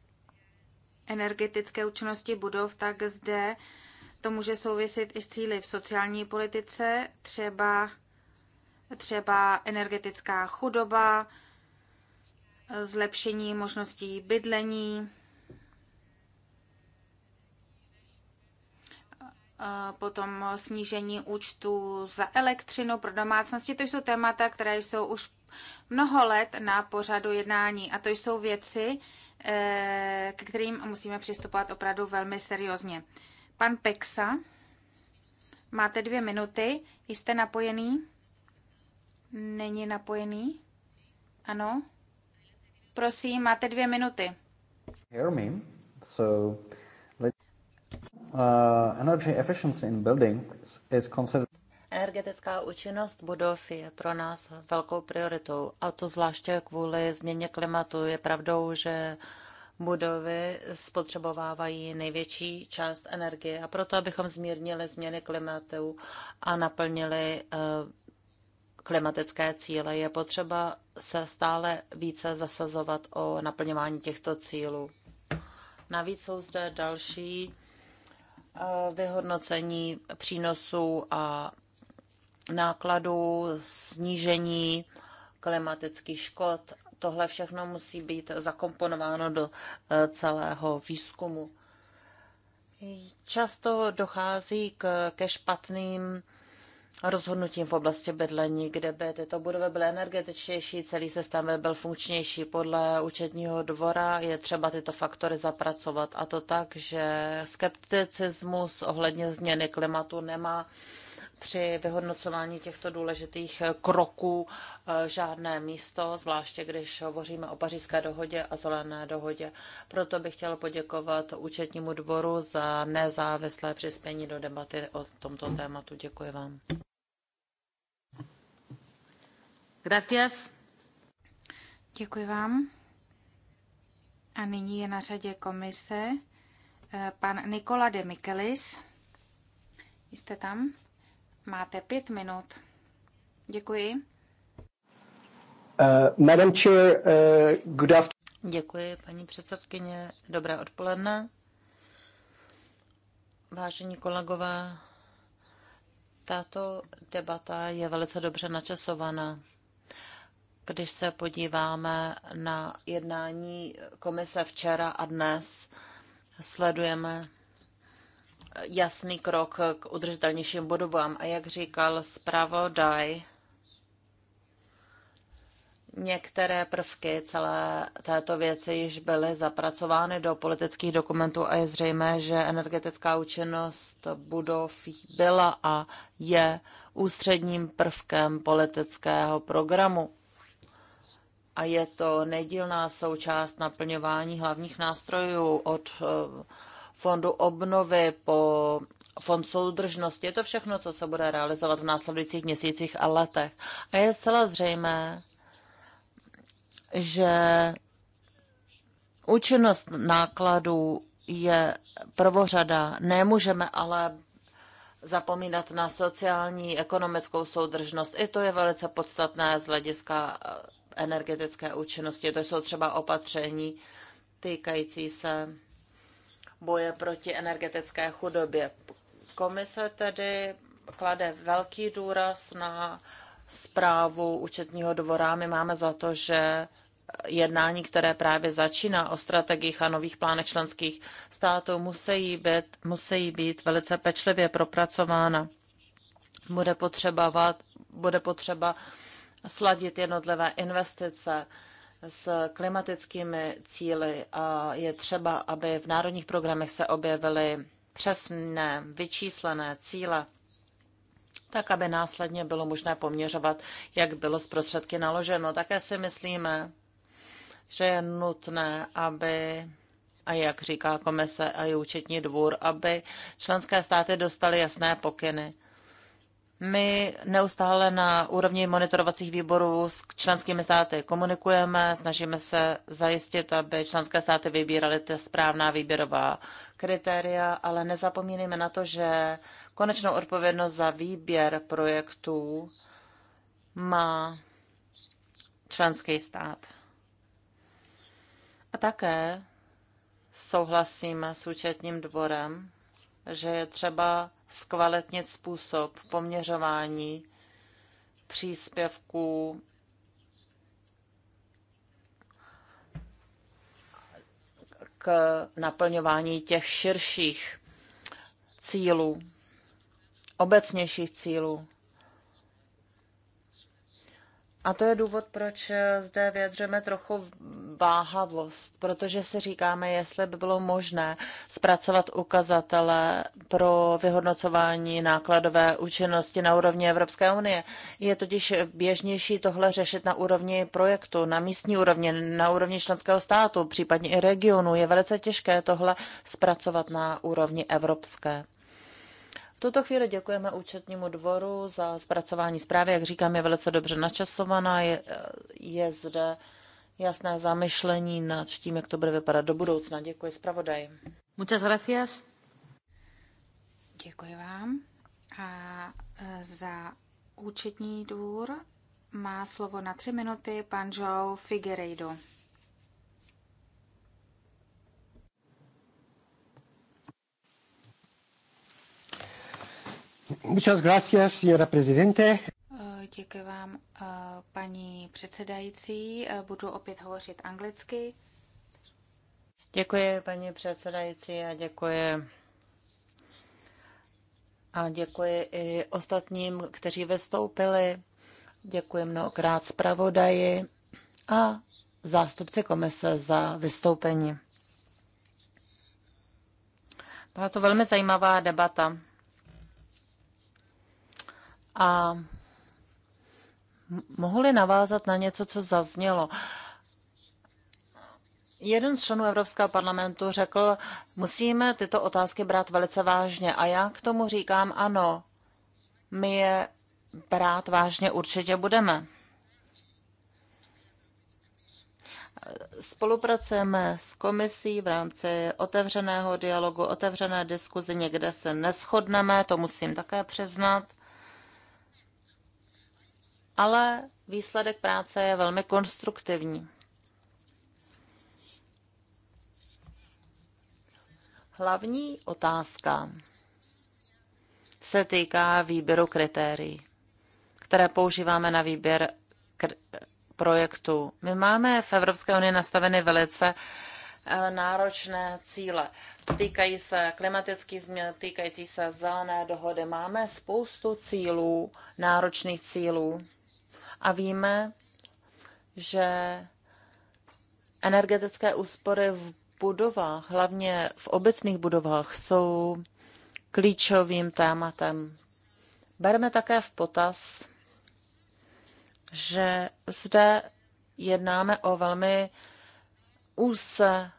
energetické účinnosti budov, tak zde to může souviset i s cíly v sociální politice, třeba, třeba energetická chudoba, zlepšení možností bydlení, potom snížení účtu za elektřinu pro domácnosti. To jsou témata, které jsou už mnoho let na pořadu jednání a to jsou věci, eh, k kterým musíme přistupovat opravdu velmi seriózně. Pan Pexa, máte dvě minuty, jste napojený? Není napojený? Ano? Prosím, máte dvě minuty. Hear me. So, let, uh, energy efficiency in buildings is considered Energetická účinnost budov je pro nás velkou prioritou, a to zvláště kvůli změně klimatu. Je pravdou, že budovy spotřebovávají největší část energie a proto, abychom zmírnili změny klimatu a naplnili eh, klimatické cíle. Je potřeba se stále více zasazovat o naplňování těchto cílů. Navíc jsou zde další eh, vyhodnocení přínosů a nákladů, snížení klimatických škod. Tohle všechno musí být zakomponováno do eh, celého výzkumu. Často dochází k, ke špatným rozhodnutím v oblasti bydlení, kde by tyto budovy byly energetičtější, celý systém by byl funkčnější. Podle účetního dvora je třeba tyto faktory zapracovat a to tak, že skepticismus ohledně změny klimatu nemá při vyhodnocování těchto důležitých eh, kroků eh, žádné místo, zvláště když hovoříme o pařížské dohodě a zelené dohodě. Proto bych chtěla poděkovat účetnímu dvoru za nezávislé přispění do debaty o tomto tématu. Děkuji vám. Gracias. Děkuji vám. A nyní je na řadě komise eh, pan Nikola de Michelis. Jste tam? Máte pět minut. Děkuji. Uh, Madam Chair, uh, good afternoon. Děkuji, paní předsedkyně. Dobré odpoledne. Vážení kolegové, tato debata je velice dobře načasovaná. Když se podíváme na jednání komise včera a dnes, sledujeme jasný krok k udržitelnějším budovám. A jak říkal zpravodaj, některé prvky celé této věci již byly zapracovány do politických dokumentů a je zřejmé, že energetická účinnost budov byla a je ústředním prvkem politického programu. A je to nedílná součást naplňování hlavních nástrojů od eh, fondu obnovy, po fond soudržnosti. Je to všechno, co se bude realizovat v následujících měsících a letech. A je zcela zřejmé, že účinnost nákladů je prvořada. Nemůžeme ale zapomínat na sociální, ekonomickou soudržnost. I to je velice podstatné z hlediska eh, energetické účinnosti. To jsou třeba opatření týkající se boje proti energetické chudobě. Komise tedy klade velký důraz na zprávu účetního dvora. My máme za to, že jednání, které právě začíná o strategiích a nových plánech členských států, musí být, musí být velice pečlivě propracována. Bude potřeba, bude potřeba sladit jednotlivé investice, s klimatickými cíly a je třeba, aby v národních programech se objevily přesné, vyčíslené cíle, tak aby následně bylo možné poměřovat, jak bylo z prostředky naloženo. Také si myslíme, že je nutné, aby a jak říká komise a i účetní dvůr, aby členské státy dostaly jasné pokyny my neustále na úrovni monitorovacích výborů s členskými státy komunikujeme, snažíme se zajistit, aby členské státy vybíraly ty správná výběrová kritéria, ale nezapomínejme na to, že konečnou odpovědnost za výběr projektů má členský stát. A také souhlasíme s účetním dvorem že je třeba zkvalitnit způsob poměřování příspěvků k naplňování těch širších cílů, obecnějších cílů. A to je důvod, proč zde vyjadřujeme trochu váhavost, protože si říkáme, jestli by bylo možné zpracovat ukazatele pro vyhodnocování nákladové účinnosti na úrovni Evropské unie. Je totiž běžnější tohle řešit na úrovni projektu, na místní úrovni, na úrovni členského státu, případně i regionu. Je velice těžké tohle zpracovat na úrovni evropské. V tuto chvíli děkujeme účetnímu dvoru za zpracování zprávy. Jak říkám, je velice dobře načasovaná, je, je zde jasné zamyšlení nad tím, jak to bude vypadat do budoucna. Děkuji zpravodaj. Muchas gracias. Děkuji vám. A e, za účetní dvůr má slovo na tři minuty pan João Figueiredo. Muchas gracias, señora presidente. Eh, děkuji vám, eh, paní předsedající. Eh, budu opět hovořit anglicky. Děkuji, paní předsedající, a děkuji a děkuji i ostatním, kteří vystoupili. Děkuji mnohokrát zpravodaji a zástupci komise za vystoupení. Byla to velmi zajímavá debata a mohli navázat na něco, co zaznělo. Jeden z členů Evropského parlamentu řekl, musíme tyto otázky brát velice vážně. A já k tomu říkám ano, my je brát vážně určitě budeme. Spolupracujeme s komisí v rámci otevřeného dialogu, otevřené diskuzi, někde se neschodneme, to musím také přiznat ale výsledek práce je velmi konstruktivní. Hlavní otázka se týká výběru kritérií, které používáme na výběr projektu. My máme v Evropské unii nastaveny velice eh, náročné cíle. Týkají se klimatických změn, týkající se zelené dohody. Máme spoustu cílů, náročných cílů a víme, že energetické úspory v budovách, hlavně v obytných budovách, jsou klíčovým tématem. Bereme také v potaz, že zde jednáme o velmi úse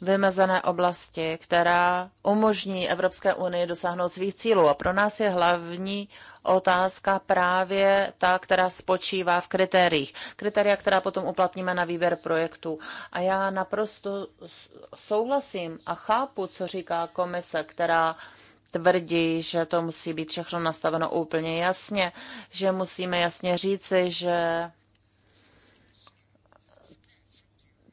vymezené oblasti, která umožní Evropské unii dosáhnout svých cílů. A pro nás je hlavní otázka právě ta, která spočívá v kritériích. Kritéria, která potom uplatníme na výběr projektu. A já naprosto souhlasím a chápu, co říká komise, která tvrdí, že to musí být všechno nastaveno úplně jasně, že musíme jasně říci, že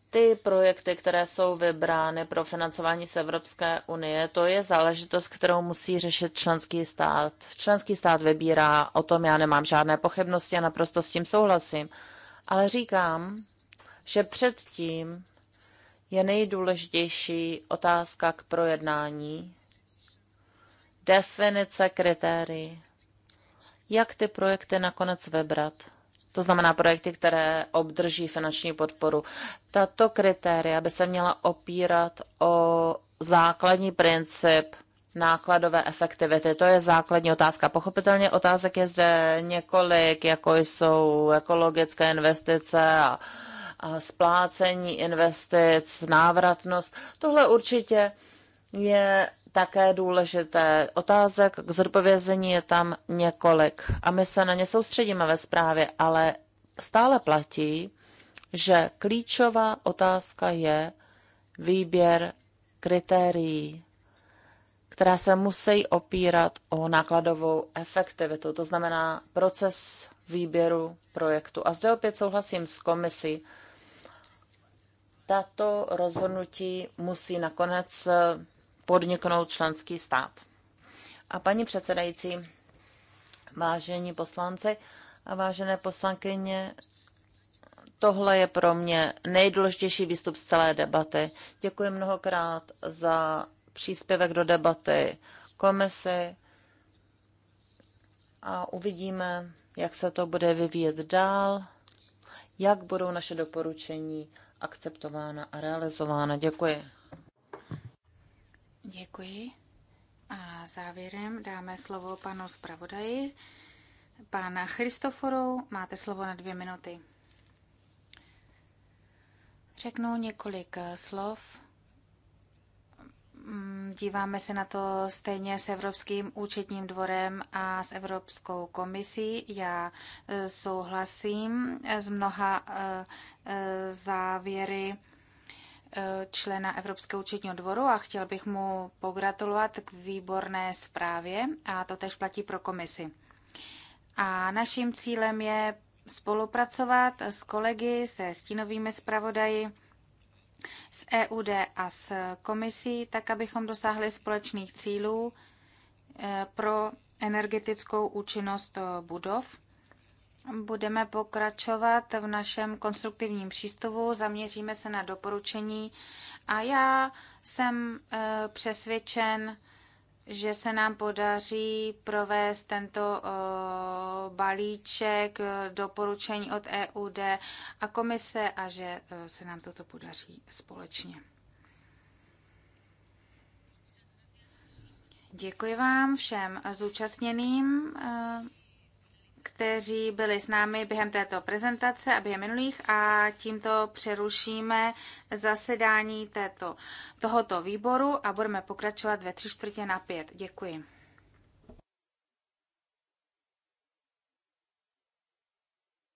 ty projekty, které jsou vybrány pro financování z Evropské unie, to je záležitost, kterou musí řešit členský stát. Členský stát vybírá, o tom já nemám žádné pochybnosti a naprosto s tím souhlasím. Ale říkám, že předtím je nejdůležitější otázka k projednání, definice kritérií, jak ty projekty nakonec vybrat to znamená projekty, které obdrží finanční podporu. Tato kritéria by se měla opírat o základní princip nákladové efektivity. To je základní otázka. Pochopitelně otázek je zde několik, jako jsou ekologické investice a, a splácení investic, návratnost. Tohle určitě uh, je také důležité. Otázek k zodpovězení je tam několik a my se na ně soustředíme ve zprávě, ale stále platí, že klíčová otázka je výběr kritérií, která se musí opírat o nákladovou efektivitu, to znamená proces výběru projektu. A zde opět souhlasím s komisí. Tato rozhodnutí musí nakonec podniknout členský stát. A paní předsedající, vážení poslanci a vážené poslankyně, tohle je pro mě nejdůležitější výstup z celé debaty. Děkuji mnohokrát za příspěvek do debaty komisi a uvidíme, jak se to bude vyvíjet dál, jak budou naše doporučení akceptována a realizována. Děkuji. Děkuji. A závěrem dáme slovo panu zpravodaji. Pána Christoforu, máte slovo na dvě minuty. Řeknu několik eh, slov. Mm, díváme se na to stejně s Evropským účetním dvorem a s Evropskou komisí. Já eh, souhlasím eh, s mnoha závěry člena Evropského účetního dvoru a chtěl bych mu pogratulovat k výborné zprávě a to tež platí pro komisi. A naším cílem je spolupracovat s kolegy, se stínovými zpravodaji, s EUD a s komisí, tak abychom dosáhli společných cílů eh, pro energetickou účinnost eh, budov Budeme pokračovat v našem konstruktivním přístupu, zaměříme se na doporučení a já jsem eh, přesvědčen, že se nám podaří provést tento eh, balíček eh, doporučení od EUD a komise a že se nám toto podaří společně. Děkuji vám všem zúčastněným kteří byli s námi během této prezentace a během minulých a tímto přerušíme zasedání této, tohoto výboru a budeme pokračovat ve tři čtvrtě na pět. Děkuji.